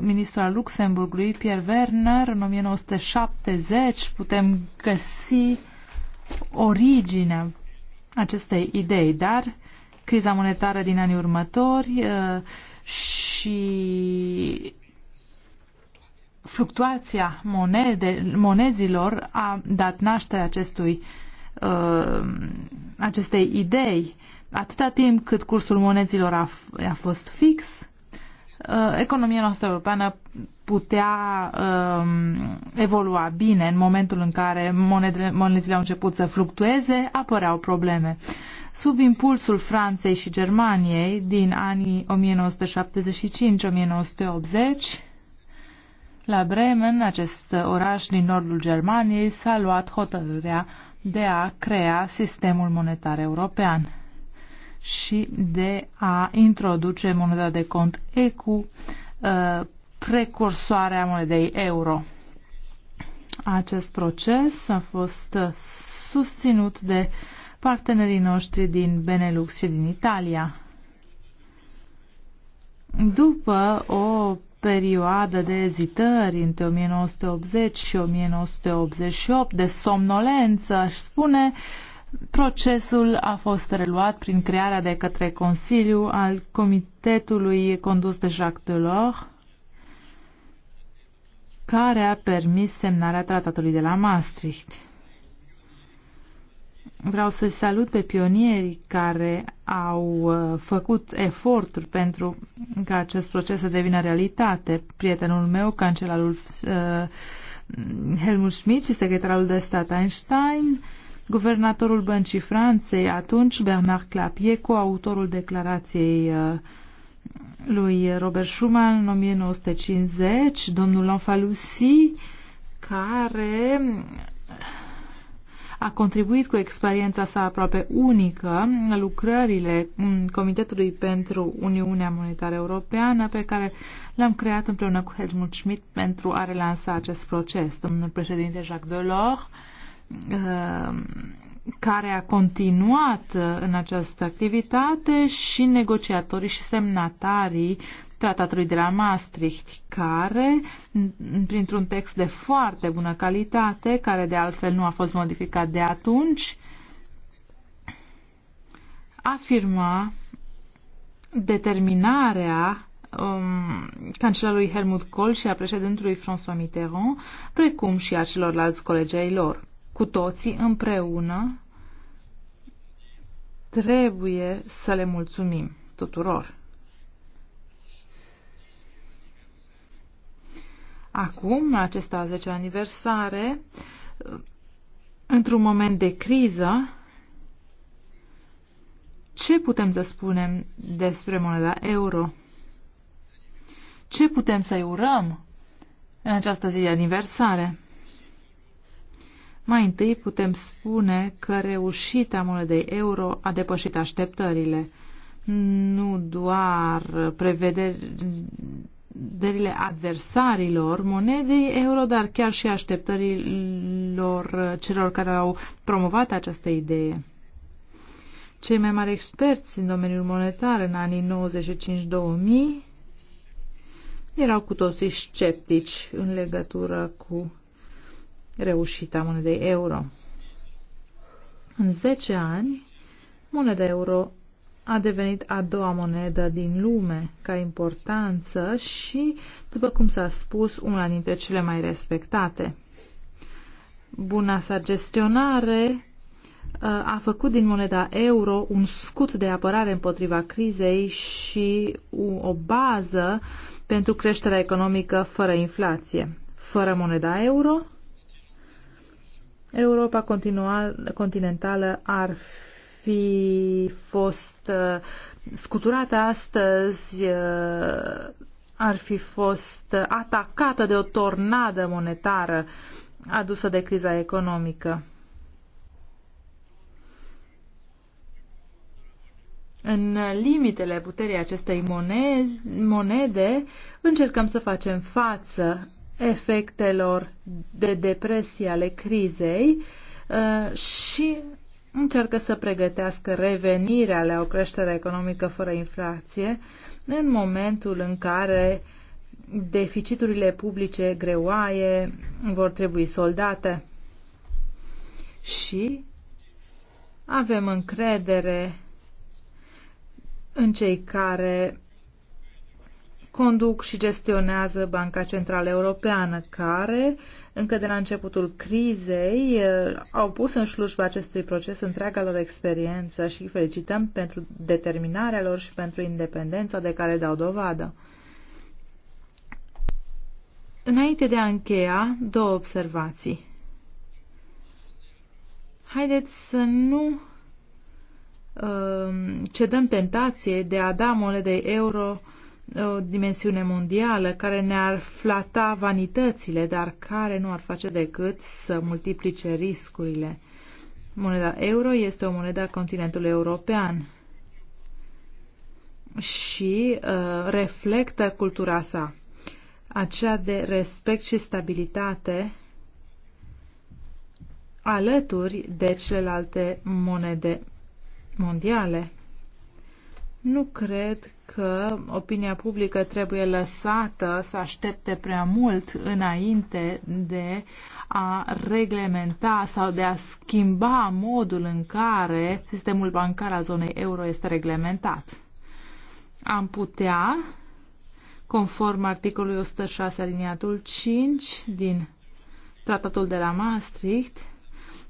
ministru al Luxemburgului, Pierre Werner, în 1970, putem găsi originea acestei idei, dar criza monetară din anii următori uh, și fluctuația monede, monezilor a dat naștere acestui, uh, acestei idei. Atâta timp cât cursul monezilor a, a fost fix, Uh, economia noastră europeană putea um, evolua bine în momentul în care monedele, monedele au început să fluctueze, apăreau probleme. Sub impulsul Franței și Germaniei din anii 1975-1980, la Bremen, acest oraș din nordul Germaniei, s-a luat hotărârea de a crea sistemul monetar european și de a introduce moneda de cont ECU, uh, precursoarea monedei euro. Acest proces a fost susținut de partenerii noștri din Benelux și din Italia. După o perioadă de ezitări între 1980 și 1988, de somnolență, aș spune, uh, Procesul a fost reluat prin crearea de către Consiliu al comitetului condus de Jacques Delors, care a permis semnarea tratatului de la Maastricht. Vreau să salut pe pionierii care au uh, făcut eforturi pentru ca acest proces să devină realitate. Prietenul meu, cancelarul uh, Helmut Schmidt și secretarul de stat Einstein, Guvernatorul Băncii Franței, atunci Bernard Clapier, coautorul declarației uh, lui Robert Schuman în 1950, domnul Lanfalussy, care uh, a contribuit cu experiența sa aproape unică la lucrările Comitetului pentru Uniunea Monetară Europeană pe care l-am creat împreună cu Helmut Schmidt pentru a relansa acest proces. Domnul președinte Jacques Delors Uh, care a continuat uh, în această activitate și negociatorii și semnatarii tratatului de la Maastricht, care, printr-un text de foarte bună calitate, care de altfel nu a fost modificat de atunci, afirma determinarea um, cancelarului Helmut Kohl și a președintelui François Mitterrand, precum și a celorlalți colegi ai lor cu toții împreună trebuie să le mulțumim tuturor. Acum, acesta a 10 aniversare, într-un moment de criză, ce putem să spunem despre moneda euro? Ce putem să-i urăm în această zi de aniversare? Mai întâi putem spune că reușita monedei euro a depășit așteptările. Nu doar prevederile adversarilor monedei euro, dar chiar și așteptărilor celor care au promovat această idee. Cei mai mari experți în domeniul monetar în anii 95-2000 erau cu toții sceptici în legătură cu reușita monedei euro. În 10 ani, moneda euro a devenit a doua monedă din lume ca importanță și, după cum s-a spus, una dintre cele mai respectate. Buna sa gestionare uh, a făcut din moneda euro un scut de apărare împotriva crizei și o bază pentru creșterea economică fără inflație. Fără moneda euro, Europa continentală ar fi fost uh, scuturată astăzi, uh, ar fi fost atacată de o tornadă monetară adusă de criza economică. În limitele puterii acestei monede, încercăm să facem față efectelor de depresie ale crizei uh, și încearcă să pregătească revenirea la o creștere economică fără inflație în momentul în care deficiturile publice greoaie vor trebui soldate. Și avem încredere în cei care conduc și gestionează Banca Centrală Europeană, care, încă de la începutul crizei, eh, au pus în slujba acestui proces întreaga lor experiență și felicităm pentru determinarea lor și pentru independența de care dau dovadă. Înainte de a încheia, două observații. Haideți să nu uh, cedăm tentație de a da monedei euro uh, o dimensiune mondială care ne-ar flata vanitățile, dar care nu ar face decât să multiplice riscurile. Moneda euro este o monedă a continentului european și uh, reflectă cultura sa, aceea de respect și stabilitate alături de celelalte monede mondiale. Nu cred că opinia publică trebuie lăsată să aștepte prea mult înainte de a reglementa sau de a schimba modul în care sistemul bancar al zonei euro este reglementat. Am putea, conform articolului 106 aliniatul 5 din Tratatul de la Maastricht,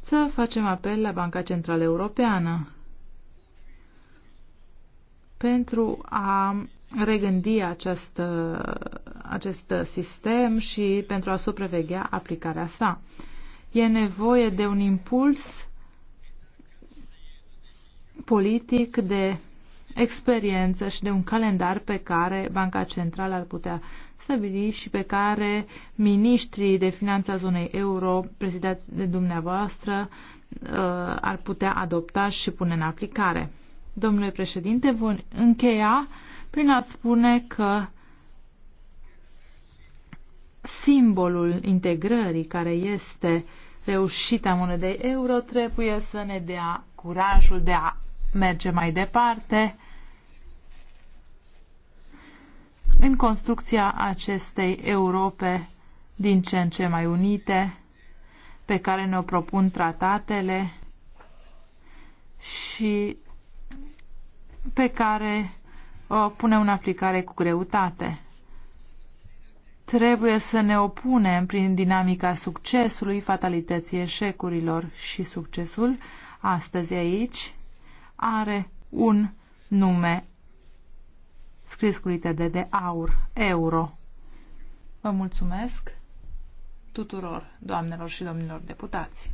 să facem apel la Banca Centrală Europeană pentru a regândi acest, acest sistem și pentru a supraveghea aplicarea sa. E nevoie de un impuls politic, de experiență și de un calendar pe care Banca Centrală ar putea stabili și pe care ministrii de finanța zonei euro, prezidați de dumneavoastră, uh, ar putea adopta și pune în aplicare domnule președinte, vom încheia prin a spune că simbolul integrării care este reușita monedei euro trebuie să ne dea curajul de a merge mai departe în construcția acestei Europe din ce în ce mai unite, pe care ne-o propun tratatele și pe care o punem în aplicare cu greutate. Trebuie să ne opunem prin dinamica succesului, fatalității eșecurilor și succesul astăzi aici are un nume scris cu litere de aur, euro. Vă mulțumesc tuturor, doamnelor și domnilor deputați.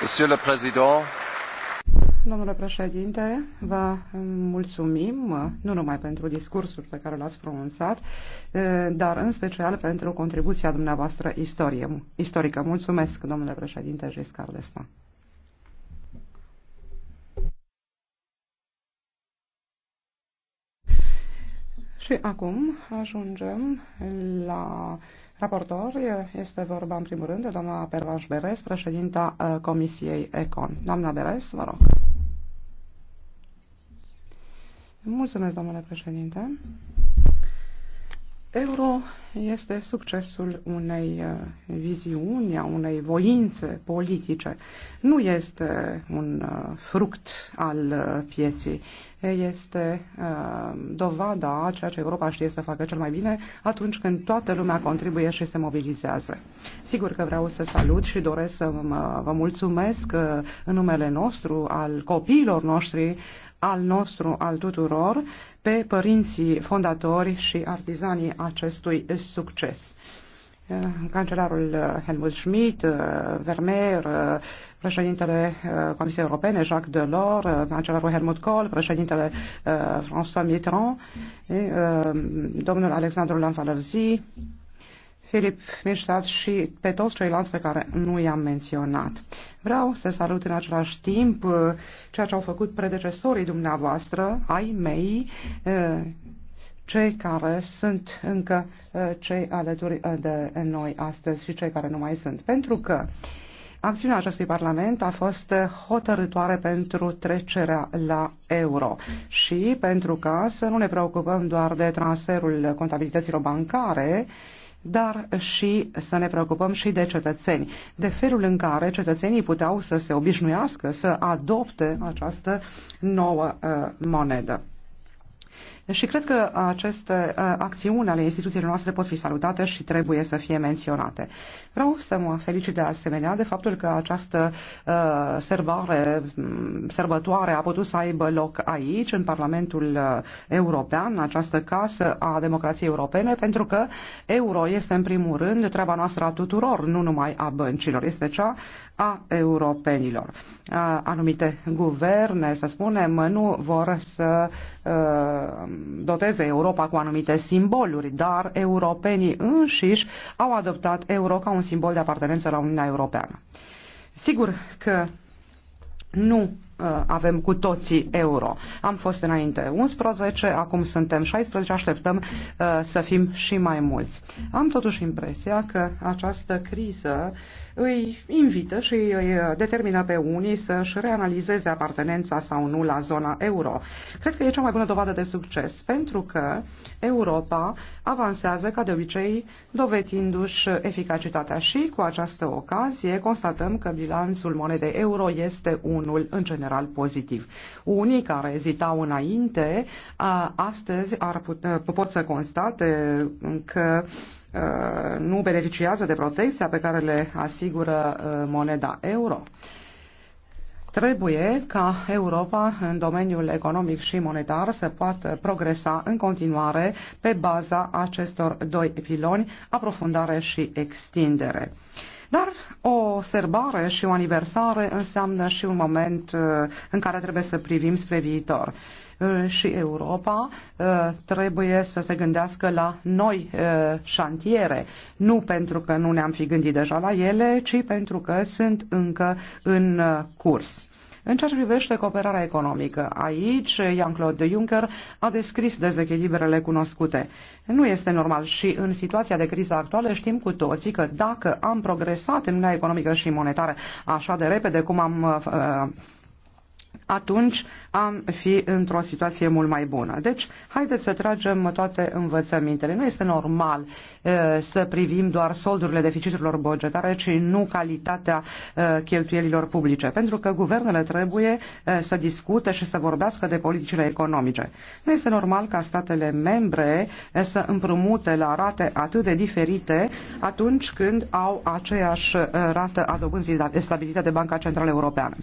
Monsieur le Président, domnule președinte, vă mulțumim nu numai pentru discursul pe care l-ați pronunțat, eh, dar în special pentru contribuția dumneavoastră istorie, istorică. Mulțumesc, domnule președinte Giscard d'Estaing. Și acum ajungem la raportor. Este vorba în primul rând de doamna Pervaș Beres, președinta eh, Comisiei Econ. Doamna Beres, vă rog. Mulțumesc, domnule președinte. Euro este succesul unei uh, viziuni, a unei voințe politice. Nu este un uh, fruct al uh, pieții. Este dovada a ceea ce Europa știe să facă cel mai bine atunci când toată lumea contribuie și se mobilizează. Sigur că vreau să salut și doresc să vă mulțumesc în numele nostru, al copiilor noștri, al nostru, al tuturor, pe părinții fondatori și artizanii acestui succes. Cancelarul Helmut Schmidt, Vermeer, președintele Comisiei Europene, Jacques Delors, cancelarul Helmut Kohl, președintele eh, François Mitterrand, eh, eh, domnul Alexandru Lanfalerzi, Filip Mirștat și pe toți ceilalți pe care nu i-am menționat. Vreau să salut în același timp uh, ceea ce au făcut predecesorii dumneavoastră, ai mei, uh, cei care sunt încă uh, cei alături de noi astăzi și cei care nu mai sunt. Pentru că Acțiunea acestui Parlament a fost hotărătoare pentru trecerea la euro și pentru ca să nu ne preocupăm doar de transferul contabilităților bancare, dar și să ne preocupăm și de cetățeni, de felul în care cetățenii puteau să se obișnuiască să adopte această nouă uh, monedă. Și cred că aceste uh, acțiuni ale instituțiilor noastre pot fi salutate și trebuie să fie menționate. Vreau să mă felicit de asemenea de faptul că această uh, sărbare, mm, sărbătoare a putut să aibă loc aici, în Parlamentul uh, European, această casă a democrației europene, pentru că euro este în primul rând treaba noastră a tuturor, nu numai a băncilor, este cea a europenilor. Uh, anumite guverne, să spunem, nu vor să uh, doteze Europa cu anumite simboluri, dar europenii înșiși au adoptat euro ca un simbol de apartenență la Uniunea Europeană. Sigur că nu Uh, avem cu toții euro. Am fost înainte 11, acum suntem 16, așteptăm uh, să fim și mai mulți. Am totuși impresia că această criză îi invită și îi uh, determină pe unii să-și reanalizeze apartenența sau nu la zona euro. Cred că e cea mai bună dovadă de succes, pentru că Europa avansează ca de obicei, dovedindu-și eficacitatea și cu această ocazie constatăm că bilanțul monedei euro este unul în general general pozitiv. Unii care ezitau înainte, astăzi ar put, pot să constate că nu beneficiază de protecția pe care le asigură moneda euro. Trebuie ca Europa în domeniul economic și monetar să poată progresa în continuare pe baza acestor doi piloni, aprofundare și extindere. Dar o sărbare și o aniversare înseamnă și un moment uh, în care trebuie să privim spre viitor. Uh, și Europa uh, trebuie să se gândească la noi șantiere, nu pentru că nu ne-am fi gândit deja la ele, ci pentru că sunt încă în curs. În ceea ce privește cooperarea economică, aici Jean-Claude Juncker a descris dezechilibrele cunoscute. Nu este normal și în situația de criză actuală știm cu toții că dacă am progresat în lumea economică și monetară așa de repede cum am uh, atunci am fi într-o situație mult mai bună. Deci, haideți să tragem toate învățămintele. Nu este normal e, uh, să privim doar soldurile deficiturilor bugetare, ci nu calitatea e, uh, cheltuielilor publice, pentru că guvernele trebuie e, uh, să discute și să vorbească de politicile economice. Nu este normal ca statele membre e, să împrumute la rate atât de diferite atunci când au aceeași rată a dobânzii stabilită de Banca Centrală Europeană.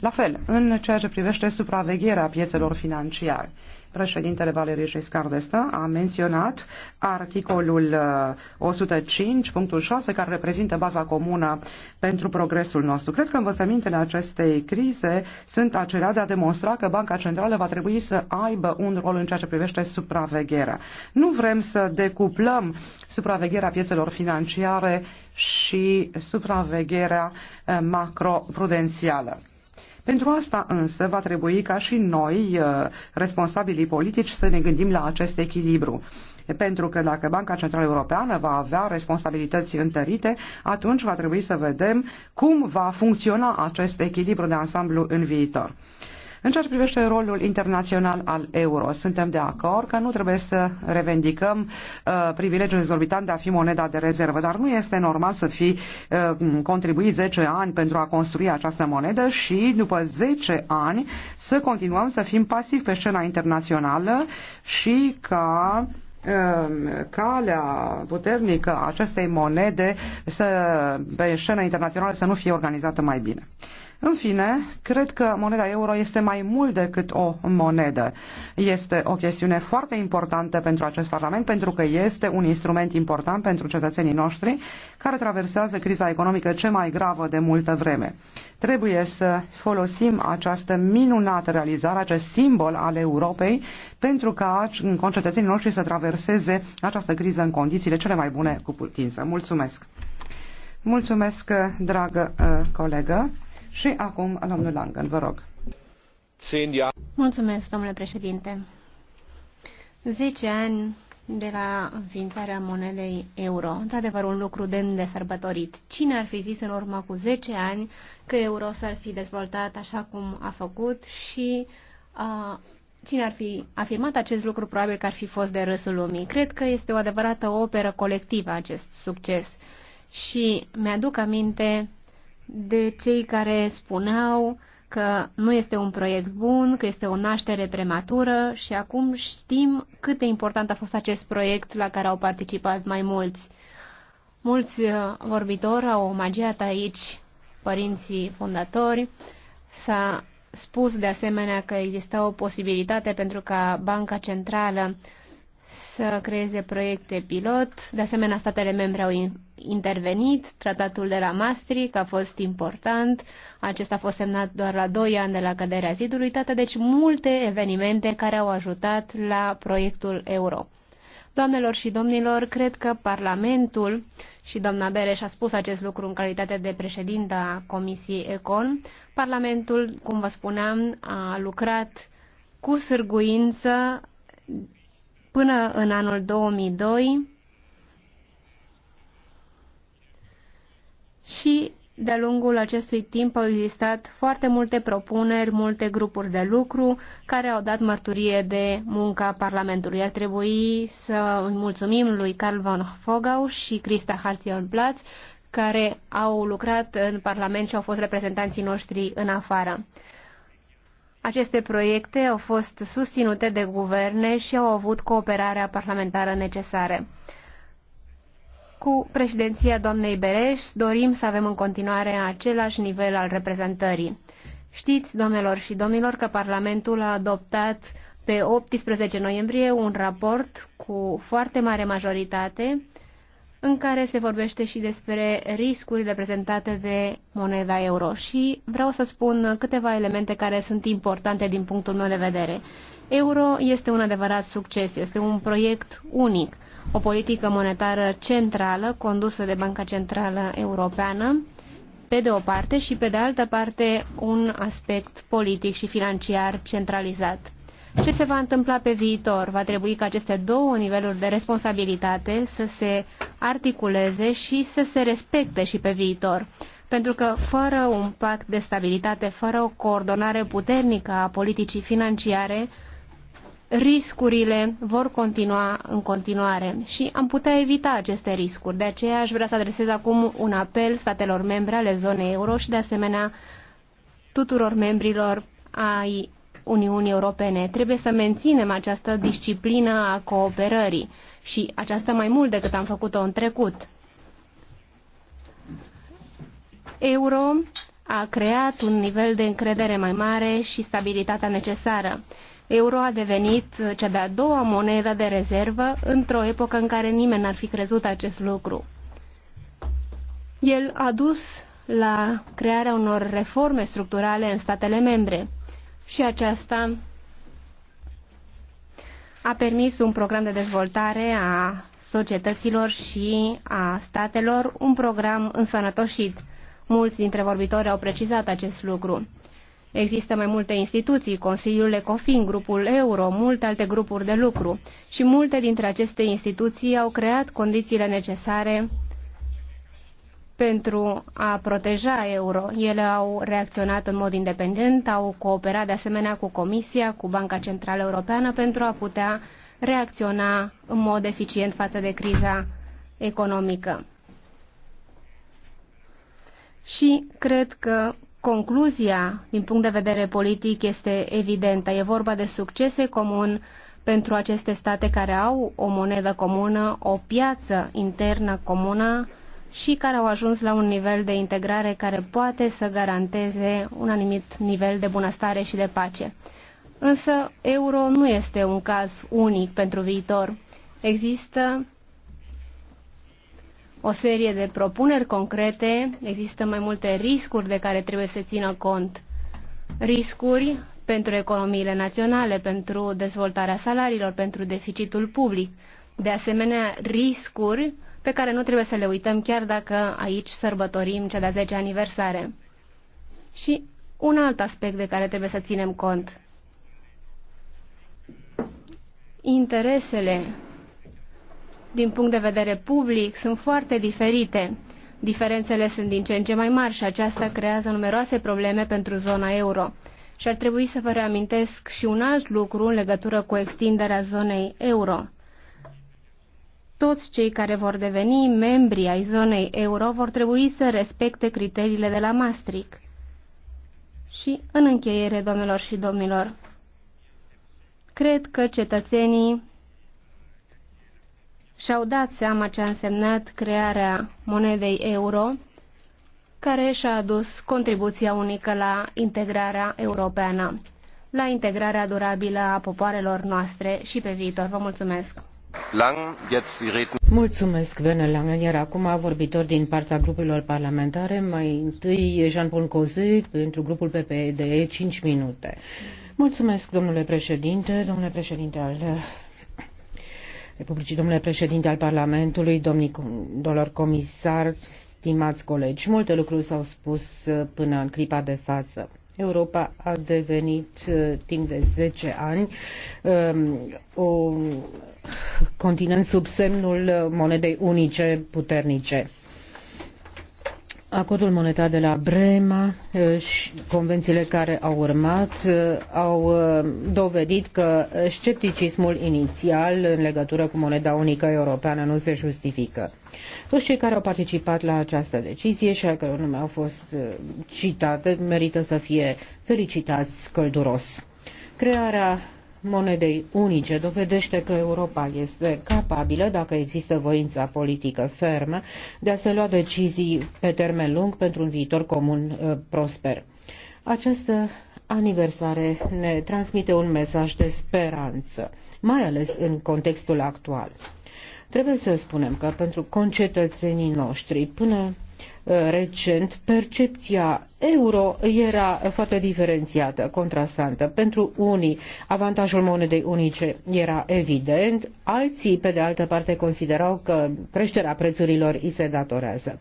La fel, în ceea ce privește supravegherea piețelor financiare, președintele Valerie Giscard d'Estaing a menționat articolul 105.6 uh, care reprezintă baza comună pentru progresul nostru. Cred că învățămintele acestei crize sunt acelea de a demonstra că Banca Centrală va trebui să aibă un rol în ceea ce privește supravegherea. Nu vrem să decuplăm supravegherea piețelor financiare și supravegherea uh, macroprudențială. Pentru asta însă va trebui ca și noi, uh, responsabilii politici, să ne gândim la acest echilibru pentru că dacă Banca Centrală Europeană va avea responsabilități întărite, atunci va trebui să vedem cum va funcționa acest echilibru de ansamblu în viitor. În ceea ce privește rolul internațional al euro, suntem de acord că nu trebuie să revendicăm uh, privilegiul exorbitant de a fi moneda de rezervă, dar nu este normal să fi uh, contribuit 10 ani pentru a construi această monedă și după 10 ani să continuăm să fim pasivi pe scena internațională și ca um, calea puternică a acestei monede să, pe scenă internațională să nu fie organizată mai bine. În fine, cred că moneda euro este mai mult decât o monedă. Este o chestiune foarte importantă pentru acest Parlament, pentru că este un instrument important pentru cetățenii noștri care traversează criza economică cea mai gravă de multă vreme. Trebuie să folosim această minunată realizare, acest simbol al Europei, pentru ca cetățenii noștri să traverseze această criză în condițiile cele mai bune cu putință. Mulțumesc! Mulțumesc, dragă uh, colegă! Și acum, domnul Langen, vă rog. Mulțumesc, domnule președinte. Zece ani de la înființarea monedei euro. Într-adevăr, un lucru demn de sărbătorit. Cine ar fi zis în urmă cu 10 ani că euro s-ar fi dezvoltat așa cum a făcut și uh, cine ar fi afirmat acest lucru probabil că ar fi fost de râsul lumii. Cred că este o adevărată operă colectivă acest succes. Și mi-aduc aminte de cei care spuneau că nu este un proiect bun, că este o naștere prematură și acum știm cât de important a fost acest proiect la care au participat mai mulți. Mulți uh, vorbitori au omagiat aici părinții fondatori. S-a spus de asemenea că exista o posibilitate pentru ca Banca Centrală să creeze proiecte pilot. De asemenea, statele membre au intervenit. Tratatul de la Maastricht a fost important. Acesta a fost semnat doar la 2 ani de la căderea zidului. Tată, deci multe evenimente care au ajutat la proiectul euro. Doamnelor și domnilor, cred că Parlamentul și doamna Bereș a spus acest lucru în calitate de președinte a Comisiei Econ. Parlamentul, cum vă spuneam, a lucrat cu sârguință Până în anul 2002 și de-a lungul acestui timp au existat foarte multe propuneri, multe grupuri de lucru care au dat mărturie de munca Parlamentului. Ar trebui să îi mulțumim lui Carl von Fogau și Christa Hartzion-Platz care au lucrat în Parlament și au fost reprezentanții noștri în afară. Aceste proiecte au fost susținute de guverne și au avut cooperarea parlamentară necesară. Cu președinția doamnei Bereș dorim să avem în continuare același nivel al reprezentării. Știți, domnilor și domnilor, că Parlamentul a adoptat pe 18 noiembrie un raport cu foarte mare majoritate în care se vorbește și despre riscurile prezentate de moneda euro. Și vreau să spun câteva elemente care sunt importante din punctul meu de vedere. Euro este un adevărat succes, este un proiect unic, o politică monetară centrală condusă de Banca Centrală Europeană, pe de o parte, și pe de altă parte un aspect politic și financiar centralizat. Ce se va întâmpla pe viitor? Va trebui ca aceste două niveluri de responsabilitate să se articuleze și să se respecte și pe viitor. Pentru că fără un pact de stabilitate, fără o coordonare puternică a politicii financiare, riscurile vor continua în continuare și am putea evita aceste riscuri. De aceea aș vrea să adresez acum un apel statelor membre ale zonei euro și de asemenea tuturor membrilor ai Uniunii Europene. Trebuie să menținem această disciplină a cooperării și aceasta mai mult decât am făcut-o în trecut. Euro a creat un nivel de încredere mai mare și stabilitatea necesară. Euro a devenit cea de-a doua monedă de rezervă într-o epocă în care nimeni n-ar fi crezut acest lucru. El a dus la crearea unor reforme structurale în statele membre și aceasta a permis un program de dezvoltare a societăților și a statelor, un program însănătoșit. Mulți dintre vorbitori au precizat acest lucru. Există mai multe instituții, Consiliul Ecofin, grupul Euro, multe alte grupuri de lucru și multe dintre aceste instituții au creat condițiile necesare pentru a proteja euro. Ele au reacționat în mod independent, au cooperat de asemenea cu Comisia, cu Banca Centrală Europeană pentru a putea reacționa în mod eficient față de criza economică. Și cred că concluzia din punct de vedere politic este evidentă. E vorba de succese comun pentru aceste state care au o monedă comună, o piață internă comună, și care au ajuns la un nivel de integrare care poate să garanteze un anumit nivel de bunăstare și de pace. Însă, euro nu este un caz unic pentru viitor. Există o serie de propuneri concrete, există mai multe riscuri de care trebuie să țină cont. Riscuri pentru economiile naționale, pentru dezvoltarea salariilor, pentru deficitul public. De asemenea, riscuri pe care nu trebuie să le uităm chiar dacă aici sărbătorim cea de-a 10 aniversare. Și un alt aspect de care trebuie să ținem cont. Interesele din punct de vedere public sunt foarte diferite. Diferențele sunt din ce în ce mai mari și aceasta creează numeroase probleme pentru zona euro. Și ar trebui să vă reamintesc și un alt lucru în legătură cu extinderea zonei euro toți cei care vor deveni membri ai zonei euro vor trebui să respecte criteriile de la Maastricht. Și în încheiere, domnilor și domnilor, cred că cetățenii și-au dat seama ce a însemnat crearea monedei euro, care și-a adus contribuția unică la integrarea europeană, la integrarea durabilă a popoarelor noastre și pe viitor. Vă mulțumesc! Mulțumesc, Vene Langen, iar acum vorbitor din partea grupurilor parlamentare, mai întâi Jean-Paul Cozet pentru grupul PPDE, 5 minute. Mulțumesc, domnule președinte, domnule președinte al Republicii, domnule președinte al Parlamentului, domnilor comisar, stimați colegi, multe lucruri s-au spus până în clipa de față. Europa a devenit timp de 10 ani um, o continent sub semnul uh, monedei unice puternice. Acordul monetar de la Brema uh, și convențiile care au urmat uh, au dovedit că scepticismul inițial în legătură cu moneda unică europeană nu se justifică. Toți cei care au participat la această decizie și a căror nume au fost citate merită să fie felicitați călduros. Crearea monedei unice dovedește că Europa este capabilă, dacă există voința politică fermă, de a se lua decizii pe termen lung pentru un viitor comun uh, prosper. Această aniversare ne transmite un mesaj de speranță, mai ales în contextul actual. Trebuie să spunem că pentru concetățenii noștri, până Eh, recent, percepția euro era foarte diferențiată, contrastantă. Pentru unii, avantajul monedei unice era evident, alții, pe de altă parte, considerau că creșterea prețurilor îi se datorează.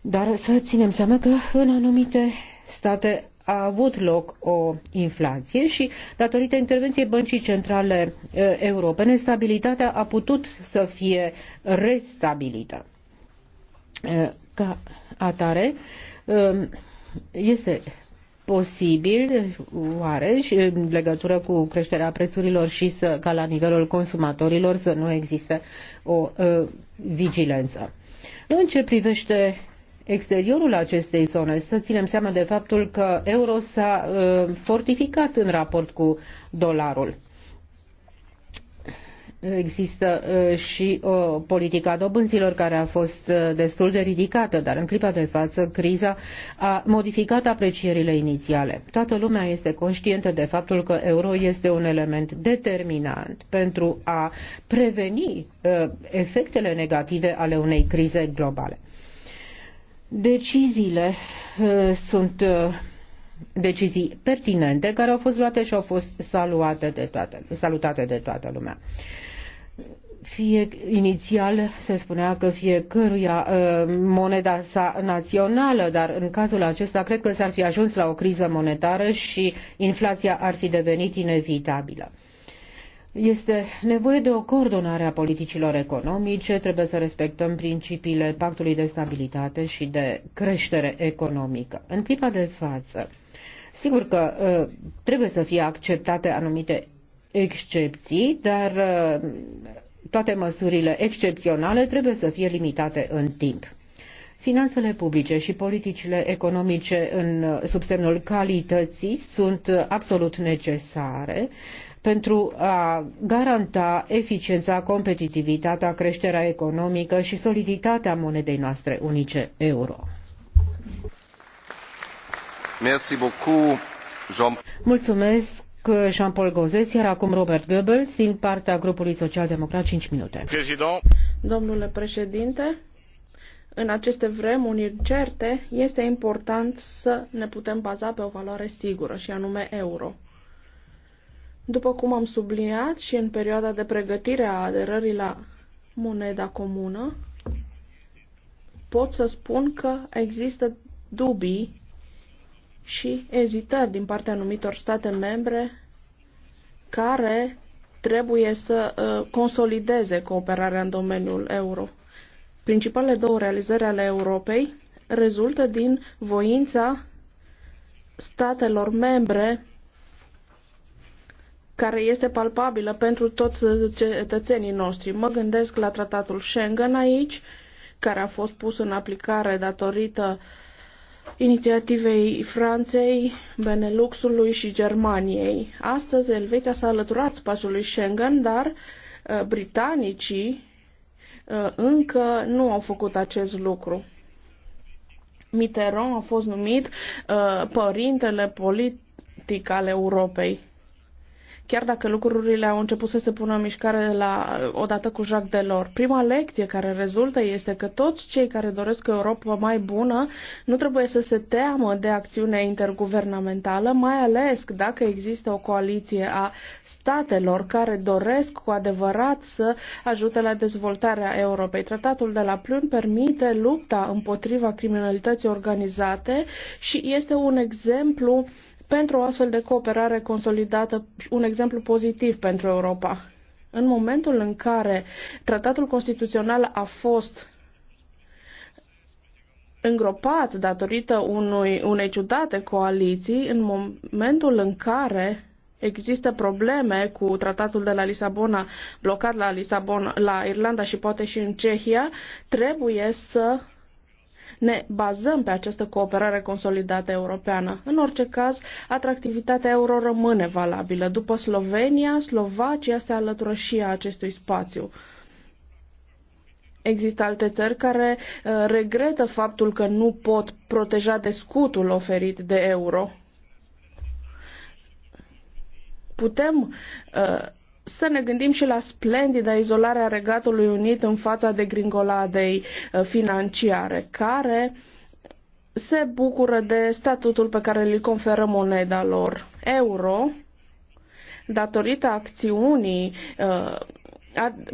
Dar să ținem seama că în anumite state a avut loc o inflație și, datorită intervenției Băncii Centrale eh, Europene, stabilitatea a putut să fie restabilită ca atare este posibil, oare, și în legătură cu creșterea prețurilor și să, ca la nivelul consumatorilor să nu existe o vigilență. În ce privește exteriorul acestei zone, să ținem seama de faptul că euro s-a uh, fortificat în raport cu dolarul. Există uh, și o politică a dobânzilor care a fost uh, destul de ridicată, dar în clipa de față criza a modificat aprecierile inițiale. Toată lumea este conștientă de faptul că euro este un element determinant pentru a preveni uh, efectele negative ale unei crize globale. Deciziile sunt decizii pertinente care au fost luate și au fost saluate de toată, salutate de toată lumea fie inițial se spunea că fiecăruia uh, moneda sa națională, dar în cazul acesta cred că s-ar fi ajuns la o criză monetară și inflația ar fi devenit inevitabilă. Este nevoie de o coordonare a politicilor economice, trebuie să respectăm principiile pactului de stabilitate și de creștere economică. În clipa de față, sigur că uh, trebuie să fie acceptate anumite excepții, dar uh, toate măsurile excepționale trebuie să fie limitate în timp. Finanțele publice și politicile economice în subsemnul calității sunt absolut necesare pentru a garanta eficiența, competitivitatea, creșterea economică și soliditatea monedei noastre unice euro. Mulțumesc Uh, Jean-Paul Gozes, iar acum Robert Goebbels din partea grupului social-democrat 5 minute. Président. Domnule președinte, în aceste vremuri incerte este important să ne putem baza pe o valoare sigură și anume euro. După cum am subliniat și în perioada de pregătire a aderării la moneda comună, pot să spun că există dubii și ezitări din partea anumitor state membre care trebuie să uh, consolideze cooperarea în domeniul euro. Principalele două realizări ale Europei rezultă din voința statelor membre care este palpabilă pentru toți cetățenii noștri. Mă gândesc la tratatul Schengen aici, care a fost pus în aplicare datorită uh, inițiativei Franței, Beneluxului și Germaniei. Astăzi Elveția s-a alăturat spațiului Schengen, dar uh, britanicii uh, încă nu au făcut acest lucru. Mitterrand a fost numit uh, părintele politic al Europei chiar dacă lucrurile au început să se pună în mișcare la, odată cu Jacques Delors. Prima lecție care rezultă este că toți cei care doresc o Europa mai bună nu trebuie să se teamă de acțiune interguvernamentală, mai ales dacă există o coaliție a statelor care doresc cu adevărat să ajute la dezvoltarea Europei. Tratatul de la Plun permite lupta împotriva criminalității organizate și este un exemplu pentru o astfel de cooperare consolidată, un exemplu pozitiv pentru Europa. În momentul în care tratatul constituțional a fost îngropat datorită unui, unei ciudate coaliții, în momentul în care există probleme cu tratatul de la Lisabona blocat la Lisabona, la Irlanda și poate și în Cehia, trebuie să ne bazăm pe această cooperare consolidată europeană. În orice caz, atractivitatea euro rămâne valabilă. După Slovenia, Slovacia se alătură și a acestui spațiu. Există alte țări care uh, regretă faptul că nu pot proteja de scutul oferit de euro. Putem uh, să ne gândim și la splendida izolare a Regatului Unit în fața de gringoladei uh, financiare, care se bucură de statutul pe care îl conferă moneda lor, euro, datorită acțiunii uh,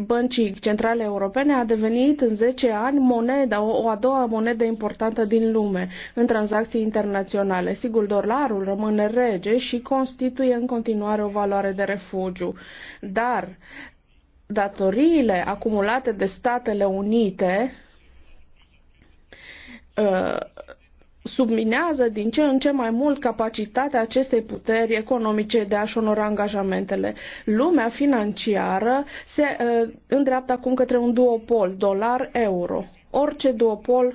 Băncii Centrale Europene a devenit în 10 ani moneda, o, o a doua monedă importantă din lume în tranzacții internaționale. Sigur, dolarul rămâne rege și constituie în continuare o valoare de refugiu. Dar datoriile acumulate de Statele Unite uh, subminează din ce în ce mai mult capacitatea acestei puteri economice de a-și onora angajamentele. Lumea financiară se uh, îndreaptă acum către un duopol, dolar-euro. Orice duopol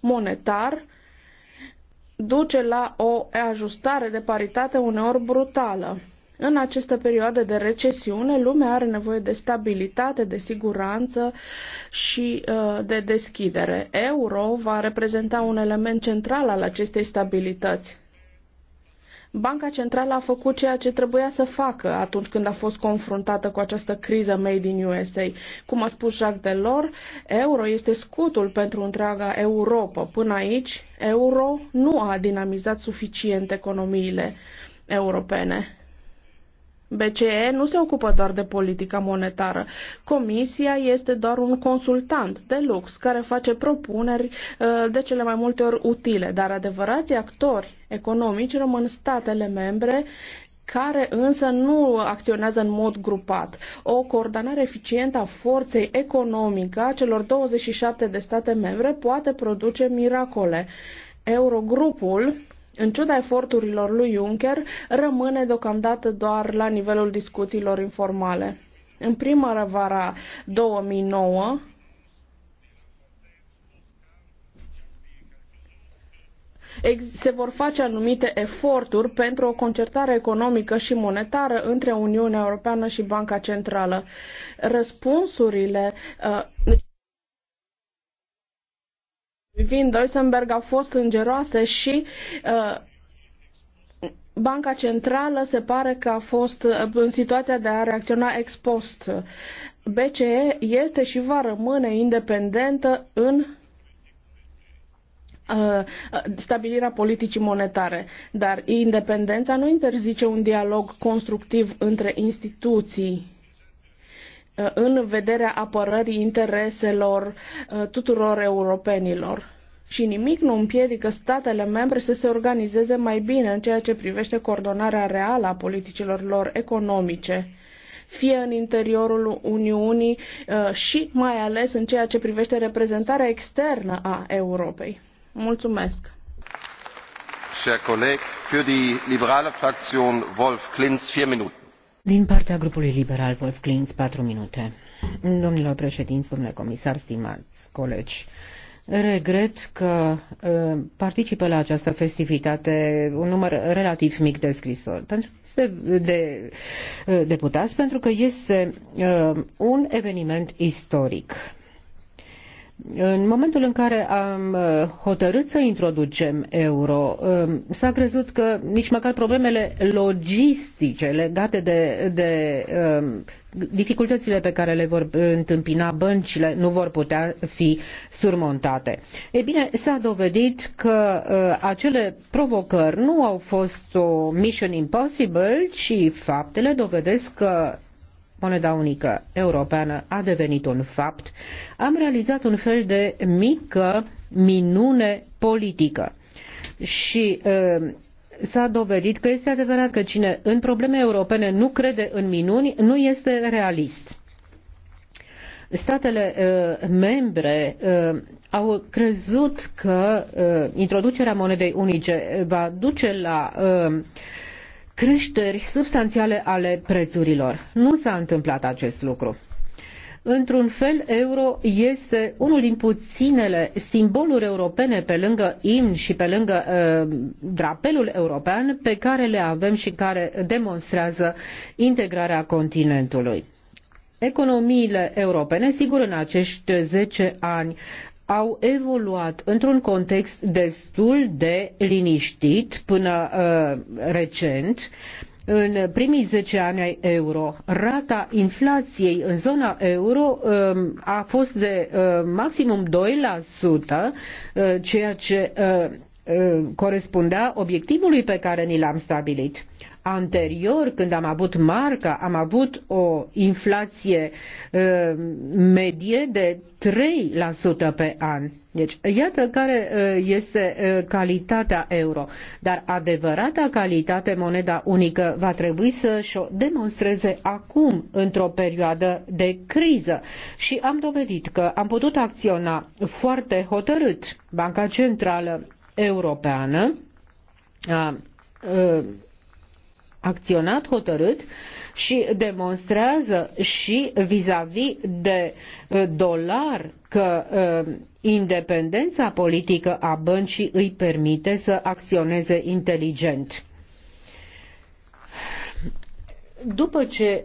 monetar duce la o ajustare de paritate uneori brutală. În această perioadă de recesiune, lumea are nevoie de stabilitate, de siguranță și uh, de deschidere. Euro va reprezenta un element central al acestei stabilități. Banca Centrală a făcut ceea ce trebuia să facă atunci când a fost confruntată cu această criză made in USA. Cum a spus Jacques Delors, euro este scutul pentru întreaga Europa. Până aici, euro nu a dinamizat suficient economiile europene. BCE nu se ocupă doar de politica monetară. Comisia este doar un consultant de lux care face propuneri uh, de cele mai multe ori utile, dar adevărații actori economici rămân statele membre care însă nu acționează în mod grupat. O coordonare eficientă a forței economică a celor 27 de state membre poate produce miracole. Eurogrupul în ciuda eforturilor lui Juncker, rămâne deocamdată doar la nivelul discuțiilor informale. În primăvara 2009, se vor face anumite eforturi pentru o concertare economică și monetară între Uniunea Europeană și Banca Centrală. Răspunsurile uh, privind Deutschenberg au fost îngeroase și uh, Banca Centrală se pare că a fost uh, în situația de a reacționa ex post. BCE este și va rămâne independentă în uh, stabilirea politicii monetare, dar independența nu interzice un dialog constructiv între instituții Uh, în vederea apărării intereselor uh, tuturor europenilor. Și nimic nu împiedică statele membre să se organizeze mai bine în ceea ce privește coordonarea reală a politicilor lor economice, fie în interiorul Uniunii uh, și mai ales în ceea ce privește reprezentarea externă a Europei. Mulțumesc! Cher Kollege, für die liberale Fraktion Wolf Klintz, vier Minuten. Din partea grupului liberal Wolf Klintz, patru minute. Domnilor președinți, domnule comisar, stimați colegi, regret că uh, participă la această festivitate un număr relativ mic de scrisori pentru, de, de uh, deputați, pentru că este uh, un eveniment istoric în momentul în care am uh, hotărât să introducem euro, um, s-a crezut că nici măcar problemele logistice legate de, de um, dificultățile pe care le vor întâmpina băncile nu vor putea fi surmontate. E bine, s-a dovedit că uh, acele provocări nu au fost o mission impossible, ci faptele dovedesc că moneda unică europeană a devenit un fapt, am realizat un fel de mică minune politică. Și uh, s-a dovedit că este adevărat că cine în probleme europene nu crede în minuni, nu este realist. Statele uh, membre uh, au crezut că uh, introducerea monedei unice va duce la uh, creșteri substanțiale ale prețurilor. Nu s-a întâmplat acest lucru. Într-un fel, euro este unul din puținele simboluri europene pe lângă imn și pe lângă uh, drapelul european pe care le avem și care demonstrează integrarea continentului. Economiile europene, sigur, în acești 10 ani au evoluat într-un context destul de liniștit până uh, recent. În primii 10 ani ai euro, rata inflației în zona euro um, a fost de uh, maximum 2%, uh, ceea ce uh, Uh, corespundea obiectivului pe care ni l-am stabilit. Anterior, când am avut marca, am avut o inflație uh, medie de 3% pe an. Deci, iată care uh, este calitatea euro. Dar adevărata calitate, moneda unică, va trebui să și-o demonstreze acum, într-o perioadă de criză. Și am dovedit că am putut acționa foarte hotărât. Banca Centrală europeană a acționat hotărât și demonstrează și vis-a-vis -vis de dolar că independența politică a băncii îi permite să acționeze inteligent. După ce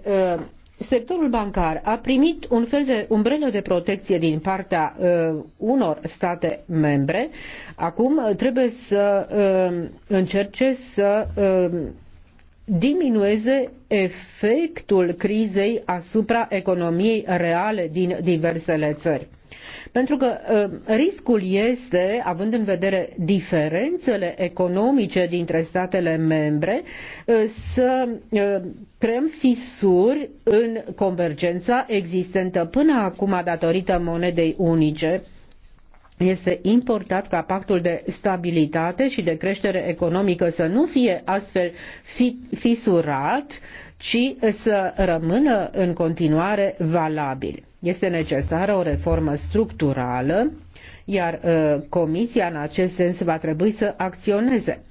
sectorul bancar a primit un fel de umbrelă de protecție din partea uh, unor state membre, acum uh, trebuie să uh, încerce să uh, diminueze efectul crizei asupra economiei reale din diversele țări. Pentru că uh, riscul este, având în vedere diferențele economice dintre statele membre, uh, să uh, creăm fisuri în convergența existentă până acum datorită monedei unice, este important ca pactul de stabilitate și de creștere economică să nu fie astfel fisurat, ci să rămână în continuare valabil. Este necesară o reformă structurală, iar uh, Comisia în acest sens va trebui să acționeze.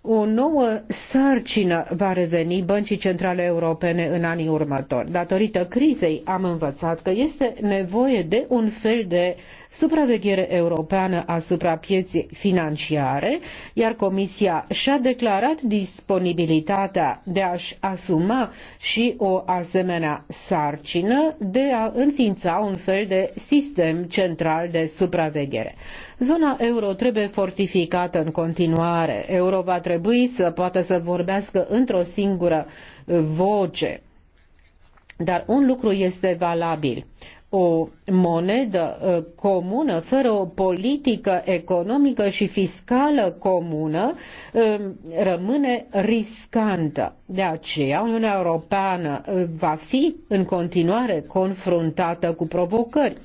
O nouă sarcină va reveni băncii centrale europene în anii următori. Datorită crizei am învățat că este nevoie de un fel de supraveghere europeană asupra pieței financiare, iar Comisia și-a declarat disponibilitatea de a-și asuma și o asemenea sarcină de a înființa un fel de sistem central de supraveghere. Zona euro trebuie fortificată în continuare. Euro va trebui să poată să vorbească într-o singură voce. Dar un lucru este valabil o monedă uh, comună, fără o politică economică și fiscală comună, uh, rămâne riscantă. De aceea, Uniunea Europeană uh, va fi în continuare confruntată cu provocări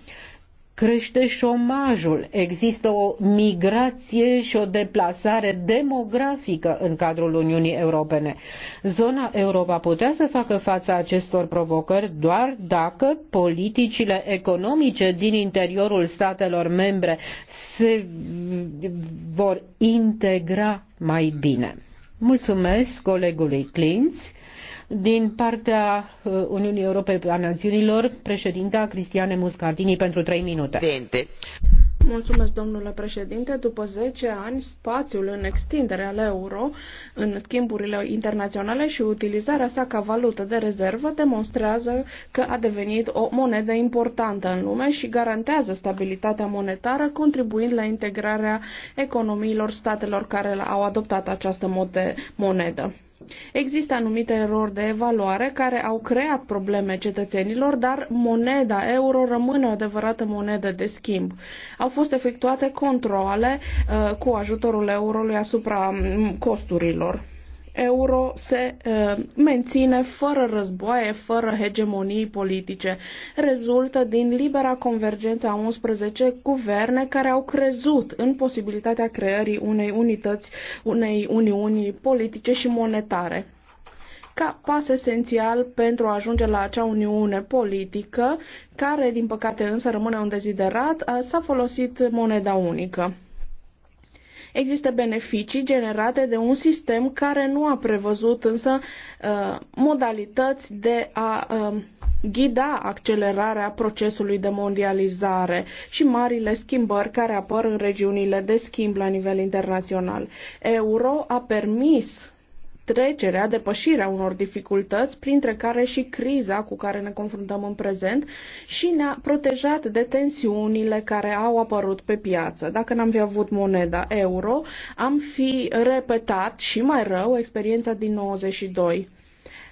crește șomajul, există o migrație și o deplasare demografică în cadrul Uniunii Europene. Zona euro va putea să facă fața acestor provocări doar dacă politicile economice din interiorul statelor membre se vor integra mai bine. Mulțumesc colegului Clinț din partea uh, Uniunii Europene a Națiunilor, președinta Cristiane Muscardini pentru 3 minute. Dente. Mulțumesc, domnule președinte. După 10 ani, spațiul în extindere al euro, în schimburile internaționale și utilizarea sa ca valută de rezervă demonstrează că a devenit o monedă importantă în lume și garantează stabilitatea monetară, contribuind la integrarea economiilor statelor care au adoptat această monedă. Există anumite erori de evaluare care au creat probleme cetățenilor, dar moneda euro rămâne o adevărată monedă de schimb. Au fost efectuate controle uh, cu ajutorul eurolui asupra mm, costurilor euro se uh, menține fără războaie, fără hegemonii politice. Rezultă din libera convergență a 11 guverne care au crezut în posibilitatea creării unei unități, unei uniuni politice și monetare ca pas esențial pentru a ajunge la acea uniune politică, care, din păcate, însă rămâne un deziderat, s-a folosit moneda unică. Există beneficii generate de un sistem care nu a prevăzut însă uh, modalități de a um, ghida accelerarea procesului de mondializare și marile schimbări care apar în regiunile de schimb la nivel internațional. Euro a permis trecerea, depășirea unor dificultăți, printre care și criza cu care ne confruntăm în prezent și ne-a protejat de tensiunile care au apărut pe piață. Dacă n-am fi avut moneda euro, am fi repetat și mai rău experiența din 92.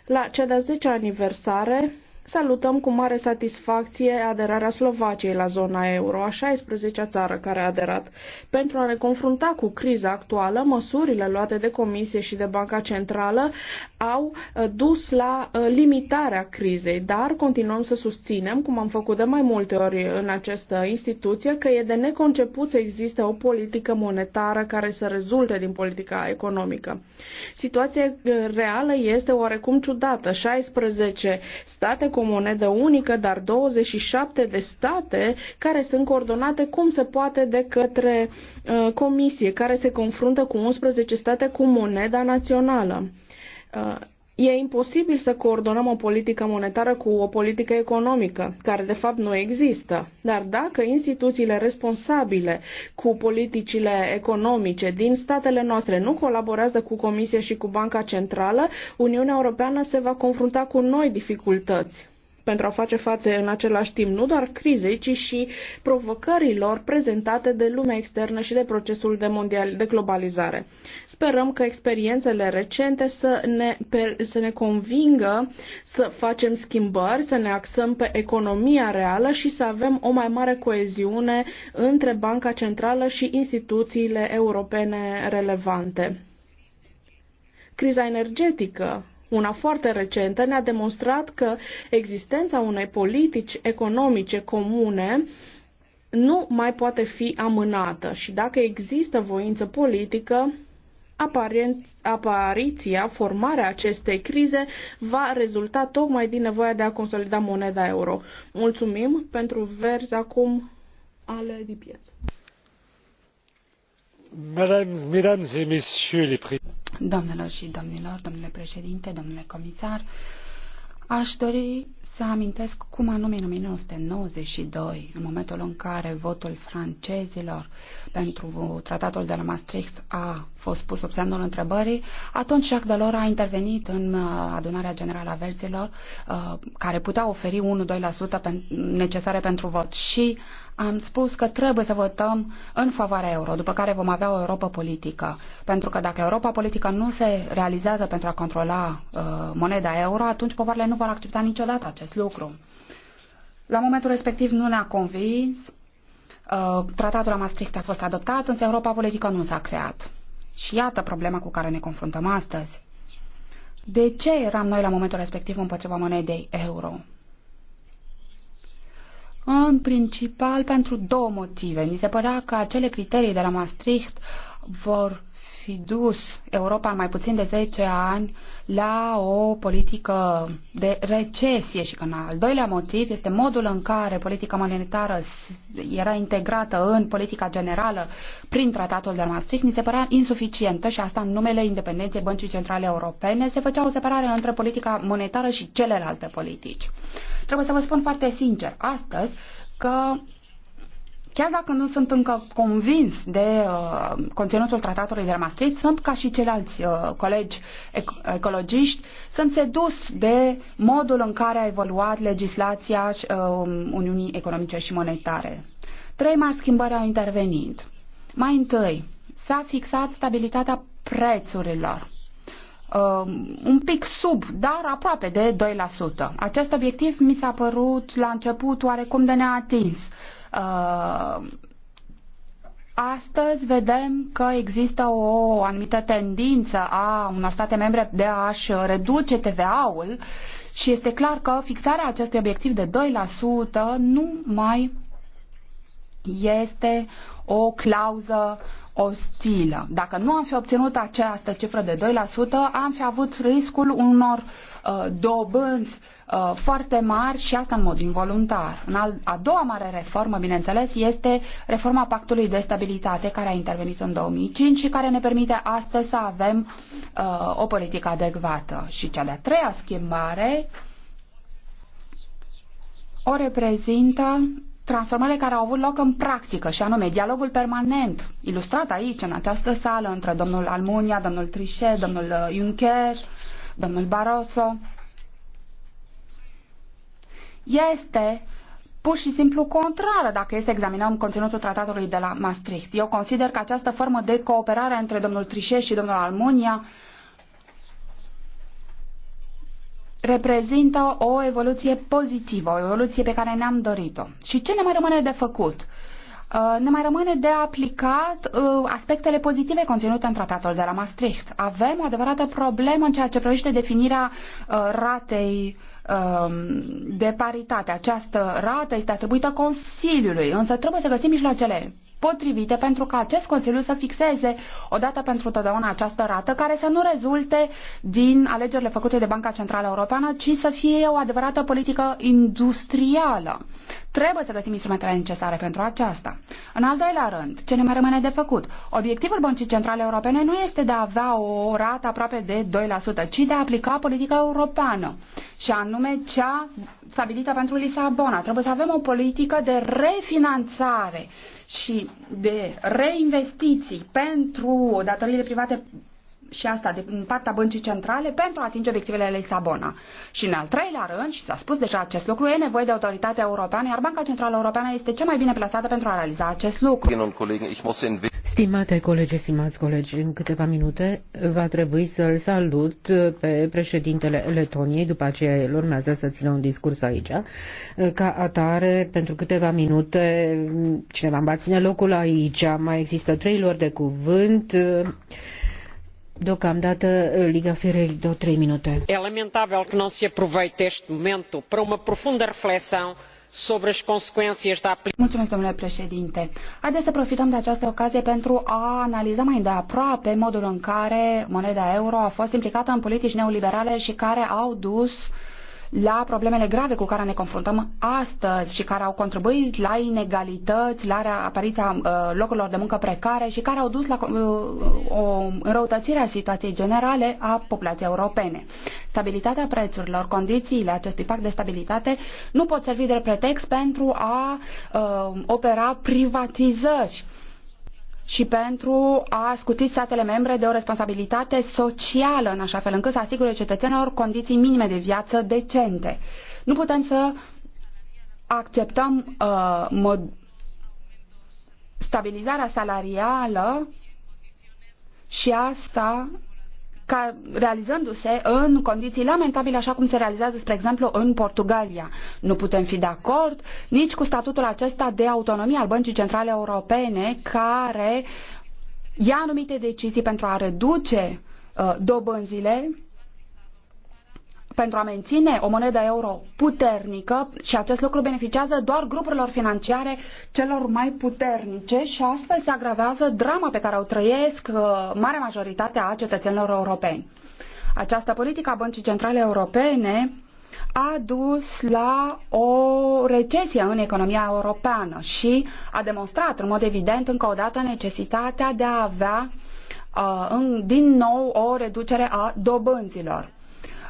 La cea de-a 10-a aniversare, Salutăm cu mare satisfacție aderarea Slovaciei la zona euro, a 16-a țară care a aderat. Pentru a ne confrunta cu criza actuală, măsurile luate de Comisie și de Banca Centrală au uh, dus la uh, limitarea crizei, dar continuăm să susținem, cum am făcut de mai multe ori în această instituție, că e de neconceput să existe o politică monetară care să rezulte din politica economică. Situația uh, reală este oarecum ciudată. 16 state cu o monedă unică, dar 27 de state care sunt coordonate cum se poate de către uh, comisie, care se confruntă cu 11 state cu moneda națională. Uh, E imposibil să coordonăm o politică monetară cu o politică economică, care de fapt nu există. Dar dacă instituțiile responsabile cu politicile economice din statele noastre nu colaborează cu Comisia și cu Banca Centrală, Uniunea Europeană se va confrunta cu noi dificultăți pentru a face față în același timp nu doar crizei, ci și provocărilor prezentate de lumea externă și de procesul de, mondial, de globalizare. Sperăm că experiențele recente să ne, să ne convingă să facem schimbări, să ne axăm pe economia reală și să avem o mai mare coeziune între Banca Centrală și instituțiile europene relevante. Criza energetică una foarte recentă, ne-a demonstrat că existența unei politici economice comune nu mai poate fi amânată și dacă există voință politică, apariția, formarea acestei crize va rezulta tocmai din nevoia de a consolida moneda euro. Mulțumim pentru verzi acum ale de piață. Mesdames et Messieurs les Doamnelor și domnilor, domnule președinte, domnule comisar, aș dori să amintesc cum anume în 1992, în momentul în care votul francezilor pentru tratatul de la Maastricht a fost pus sub semnul întrebării, atunci Jacques Delors a intervenit în uh, adunarea generală a verzilor, uh, care putea oferi 1-2% necesare pentru vot și am spus că trebuie să votăm în favoarea euro, după care vom avea o Europa politică. Pentru că dacă Europa politică nu se realizează pentru a controla uh, moneda euro, atunci povarele nu vor accepta niciodată acest lucru. La momentul respectiv nu ne-a convins, uh, tratatul la Maastricht a fost adoptat, însă Europa politică nu s-a creat. Și iată problema cu care ne confruntăm astăzi. De ce eram noi la momentul respectiv împotriva monedei euro? în principal pentru două motive. Mi se părea că acele criterii de la Maastricht vor fi dus Europa în mai puțin de 10 ani la o politică de recesie și că în al doilea motiv este modul în care politica monetară era integrată în politica generală prin tratatul de Maastricht, mi se părea insuficientă și asta în numele independenței Băncii Centrale Europene se făcea o separare între politica monetară și celelalte politici. Trebuie să vă spun foarte sincer, astăzi că Chiar dacă nu sunt încă convins de uh, conținutul tratatului de la Maastricht, sunt ca și ceilalți uh, colegi ec- ecologiști, sunt sedus de modul în care a evoluat legislația uh, Uniunii Economice și Monetare. Trei mari schimbări au intervenit. Mai întâi, s-a fixat stabilitatea prețurilor uh, un pic sub, dar aproape de 2%. Acest obiectiv mi s-a părut la început oarecum de neatins. Uh, Uh, astăzi vedem că există o anumită tendință a unor state membre de a-și reduce TVA-ul și este clar că fixarea acestui obiectiv de 2% nu mai este o clauză ostilă. Dacă nu am fi obținut această cifră de 2%, am fi avut riscul unor uh, dobânzi uh, foarte mari și asta în mod involuntar. În al, a doua mare reformă, bineînțeles, este reforma Pactului de Stabilitate care a intervenit în 2005 și care ne permite astăzi să avem uh, o politică adecvată. Și cea de-a treia schimbare o reprezintă transformările care au avut loc în practică, și anume dialogul permanent, ilustrat aici, în această sală, între domnul Almunia, domnul Trichet, domnul uh, Juncker, domnul Barroso, este pur și simplu contrară dacă este să examinăm conținutul tratatului de la Maastricht. Eu consider că această formă de cooperare între domnul Trichet și domnul Almunia reprezintă o evoluție pozitivă, o evoluție pe care ne-am dorit-o. Și ce ne mai rămâne de făcut? Uh, ne mai rămâne de aplicat uh, aspectele pozitive conținute în tratatul de la Maastricht. Avem o adevărată problemă în ceea ce privește definirea uh, ratei um, de paritate. Această rată este atribuită Consiliului, însă trebuie să găsim mijloacele potrivite pentru ca acest Consiliu să fixeze odată pentru totdeauna această rată care să nu rezulte din alegerile făcute de Banca Centrală Europeană, ci să fie o adevărată politică industrială. Trebuie să găsim instrumentele necesare pentru aceasta. În al doilea rând, ce ne mai rămâne de făcut? Obiectivul Băncii Centrale Europene nu este de a avea o rată aproape de 2%, ci de a aplica politica europeană, și anume cea stabilită pentru Lisabona. Trebuie să avem o politică de refinanțare și de reinvestiții pentru datoriile private și asta din partea băncii centrale pentru a atinge obiectivele Lisabona. Și în al treilea rând, și s-a spus deja acest lucru, e nevoie de autoritatea europeană, iar Banca Centrală Europeană este cea mai bine plasată pentru a realiza acest lucru. Stimate colegi, stimați colegi, în câteva minute va trebui să-l salut pe președintele Letoniei, după aceea el urmează să țină un discurs aici. Ca atare, pentru câteva minute, cineva îmi va ține locul aici, mai există trei lor de cuvânt, Deocamdată, uh, Liga Ferreira, trei minute. E lamentabil că nu se aproveite este momento para uma profunda reflexão sobre as consequências da aplicação. Mulțumesc, domnule președinte. Haideți să profităm de această ocazie pentru a analiza mai îndeaproape modul în care moneda euro a fost implicată în politici neoliberale și care au dus uh, la problemele grave cu care ne confruntăm astăzi și care au contribuit la inegalități, la apariția uh, locurilor de muncă precare și care au dus la uh, o înrăutățire a situației generale a populației europene. Stabilitatea prețurilor, condițiile acestui pact de stabilitate nu pot servi de pretext pentru a uh, opera privatizări și pentru a scuti statele membre de o responsabilitate socială, în așa fel încât să asigure cetățenilor condiții minime de viață decente. Nu putem să acceptăm uh, mod... stabilizarea salarială și asta ca realizându-se în condiții lamentabile, așa cum se realizează, spre exemplu, în Portugalia. Nu putem fi de acord nici cu statutul acesta de autonomie al Băncii Centrale Europene, care ia anumite decizii pentru a reduce uh, dobânzile pentru a menține o monedă euro puternică și acest lucru beneficiază doar grupurilor financiare celor mai puternice și astfel se agravează drama pe care o trăiesc uh, marea majoritate a cetățenilor europeni. Această politică a Băncii Centrale Europene a dus la o recesie în economia europeană și a demonstrat în mod evident încă o dată necesitatea de a avea uh, din nou o reducere a dobânzilor.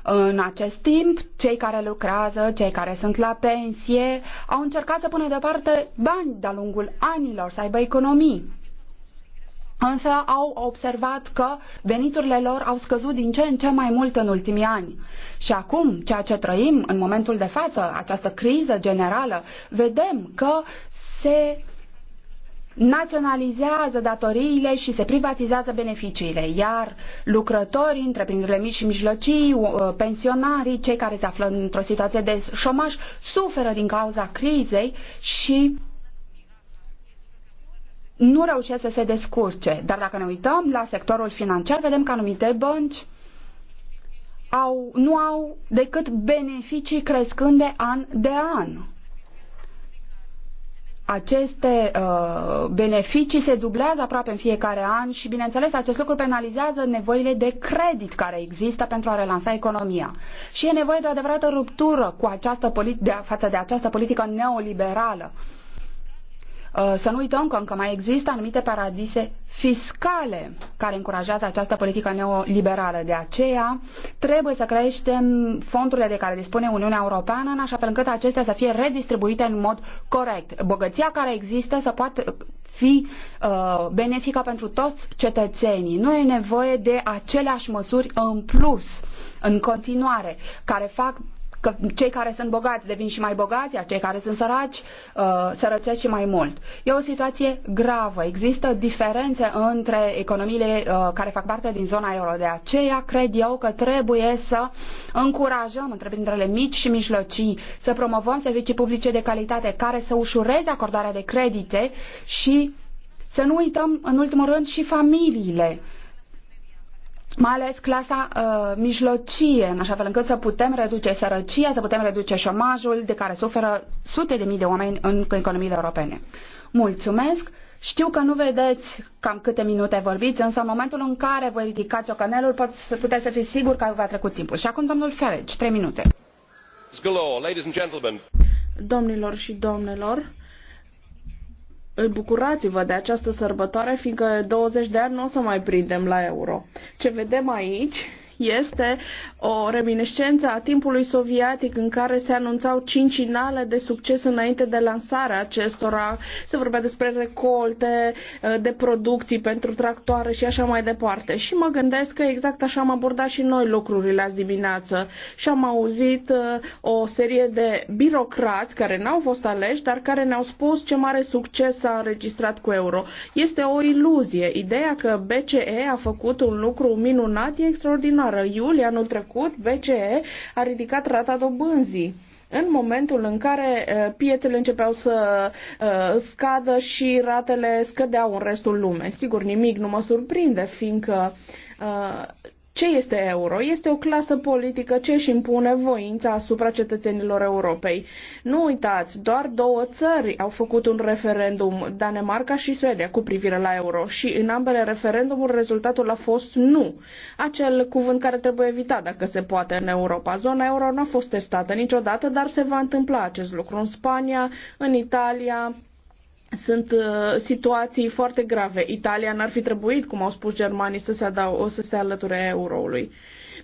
În acest timp, cei care lucrează, cei care sunt la pensie, au încercat să pună deoparte bani de-a lungul anilor, să aibă economii. Însă au observat că veniturile lor au scăzut din ce în ce mai mult în ultimii ani. Și acum, ceea ce trăim în momentul de față, această criză generală, vedem că se naționalizează datoriile și se privatizează beneficiile, iar lucrătorii, întreprinderile mici și mijlocii, uh, pensionarii, cei care se află într-o situație de șomaj, suferă din cauza crizei și nu reușesc să se descurce. Dar dacă ne uităm la sectorul financiar, vedem că anumite bănci au, nu au decât beneficii crescânde an de an aceste uh, beneficii se dublează aproape în fiecare an și, bineînțeles, acest lucru penalizează nevoile de credit care există pentru a relansa economia. Și e nevoie de o adevărată ruptură cu această politi- de, față de această politică neoliberală. Uh, să nu uităm că încă mai există anumite paradise fiscale care încurajează această politică neoliberală. De aceea trebuie să creștem fondurile de care dispune Uniunea Europeană în așa fel încât acestea să fie redistribuite în mod corect. Bogăția care există să poată fi uh, benefică pentru toți cetățenii. Nu e nevoie de aceleași măsuri în plus, în continuare, care fac că cei care sunt bogați devin și mai bogați, iar cei care sunt săraci uh, sărăcesc și mai mult. E o situație gravă. Există diferențe între economiile uh, care fac parte din zona euro. De aceea cred eu că trebuie să încurajăm întreprinderile mici și mijlocii, să promovăm servicii publice de calitate care să ușureze acordarea de credite și să nu uităm, în ultimul rând, și familiile mai ales clasa uh, mijlocie, în așa fel încât să putem reduce sărăcia, să putem reduce șomajul de care suferă sute de mii de oameni în economiile europene. Mulțumesc! Știu că nu vedeți cam câte minute vorbiți, însă în momentul în care voi ridicați ciocanelul pot să puteți să fiți sigur că v-a trecut timpul. Și acum domnul Feregi, trei minute. Domnilor și domnilor, bucurați-vă de această sărbătoare, fiindcă 20 de ani nu o să mai prindem la euro. Ce vedem aici este o reminiscență a timpului sovietic în care se anunțau cincinale de succes înainte de lansarea acestora. Se vorbea despre recolte eh, de producții pentru tractoare și așa mai departe. Și mă gândesc că exact așa am abordat și noi lucrurile azi dimineață și am auzit eh, o serie de birocrați care n-au fost aleși, dar care ne-au spus ce mare succes s-a înregistrat cu euro. Este o iluzie. Ideea că BCE a făcut un lucru minunat e extraordinar vară, iulie anul trecut, BCE a ridicat rata dobânzii în momentul în care piețele începeau să scadă și ratele scădeau în restul lumei. Sigur, nimic nu mă surprinde, fiindcă ce este euro? Este o clasă politică ce își impune voința asupra cetățenilor Europei. Nu uitați, doar două țări au făcut un referendum, Danemarca și Suedia, cu privire la euro și în ambele referendumuri rezultatul a fost nu. Acel cuvânt care trebuie evitat dacă se poate în Europa. Zona euro nu a fost testată niciodată, dar se va întâmpla acest lucru în Spania, în Italia, sunt uh, situații foarte grave. Italia n-ar fi trebuit, cum au spus germanii, să se, adau, să se alăture euroului.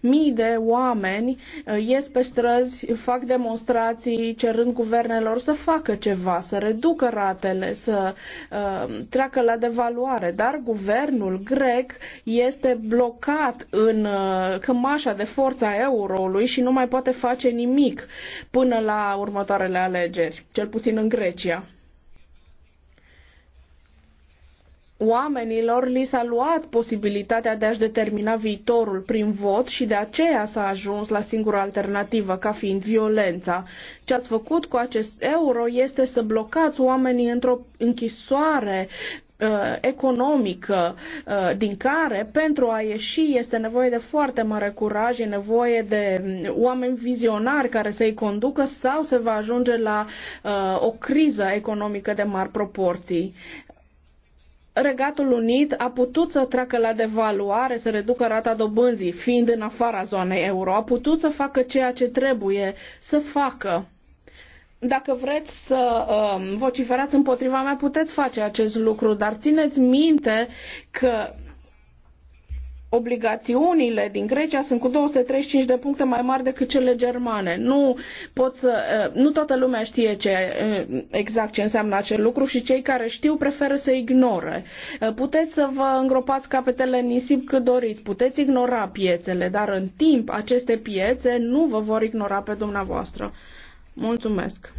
Mii de oameni uh, ies pe străzi, fac demonstrații cerând guvernelor să facă ceva, să reducă ratele, să uh, treacă la devaluare, dar guvernul grec este blocat în uh, cămașa de forța euroului și nu mai poate face nimic până la următoarele alegeri, cel puțin în Grecia. oamenilor li s-a luat posibilitatea de a-și determina viitorul prin vot și de aceea s-a ajuns la singura alternativă, ca fiind violența. Ce ați făcut cu acest euro este să blocați oamenii într-o închisoare uh, economică uh, din care pentru a ieși este nevoie de foarte mare curaj, e nevoie de mm, oameni vizionari care să-i conducă sau se va ajunge la uh, o criză economică de mari proporții. Regatul Unit a putut să treacă la devaluare, să reducă rata dobânzii, fiind în afara zonei euro, a putut să facă ceea ce trebuie să facă. Dacă vreți să uh, vociferați împotriva mea, puteți face acest lucru, dar țineți minte că obligațiunile din Grecia sunt cu 235 de puncte mai mari decât cele germane. Nu, pot să, eh, nu toată lumea știe ce, eh, exact ce înseamnă acest lucru și cei care știu preferă să ignore. Eh, puteți să vă îngropați capetele în nisip cât doriți, puteți ignora piețele, dar în timp aceste piețe nu vă vor ignora pe dumneavoastră. Mulțumesc!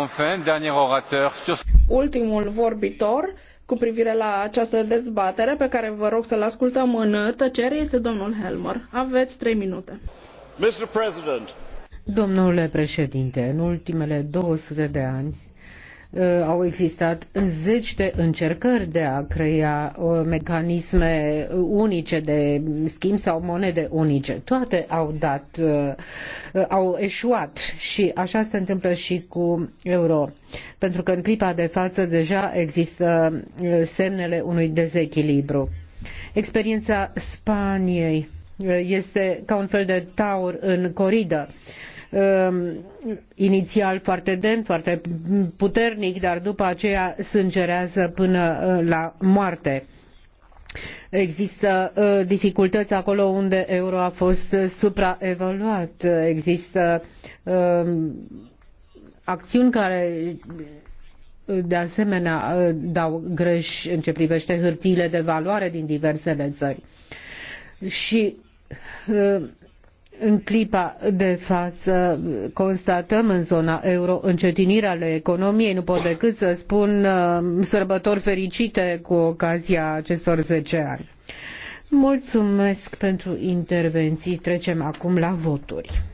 Enfin, dernier orateur sur... Ultimul vorbitor cu privire la această dezbatere pe care vă rog să-l ascultăm în tăcere este domnul Helmer. Aveți trei minute. Mr. President. Domnule președinte, în ultimele 200 de ani, Uh, au existat zeci de încercări de a crea uh, mecanisme unice de schimb sau monede unice. Toate au dat, uh, au eșuat și așa se întâmplă și cu euro. Pentru că în clipa de față deja există semnele unui dezechilibru. Experiența Spaniei este ca un fel de taur în coridă Um, inițial foarte demn, foarte puternic, dar după aceea sângerează până uh, la moarte. Există uh, dificultăți acolo unde euro a fost uh, supraevaluat, există um, acțiuni care de asemenea dau greș în ce privește hârtiile de valoare din diversele țări. Și în clipa de față constatăm în zona euro încetinirea ale economiei. Nu pot decât să spun uh, sărbători fericite cu ocazia acestor zece ani. Mulțumesc pentru intervenții. Trecem acum la voturi.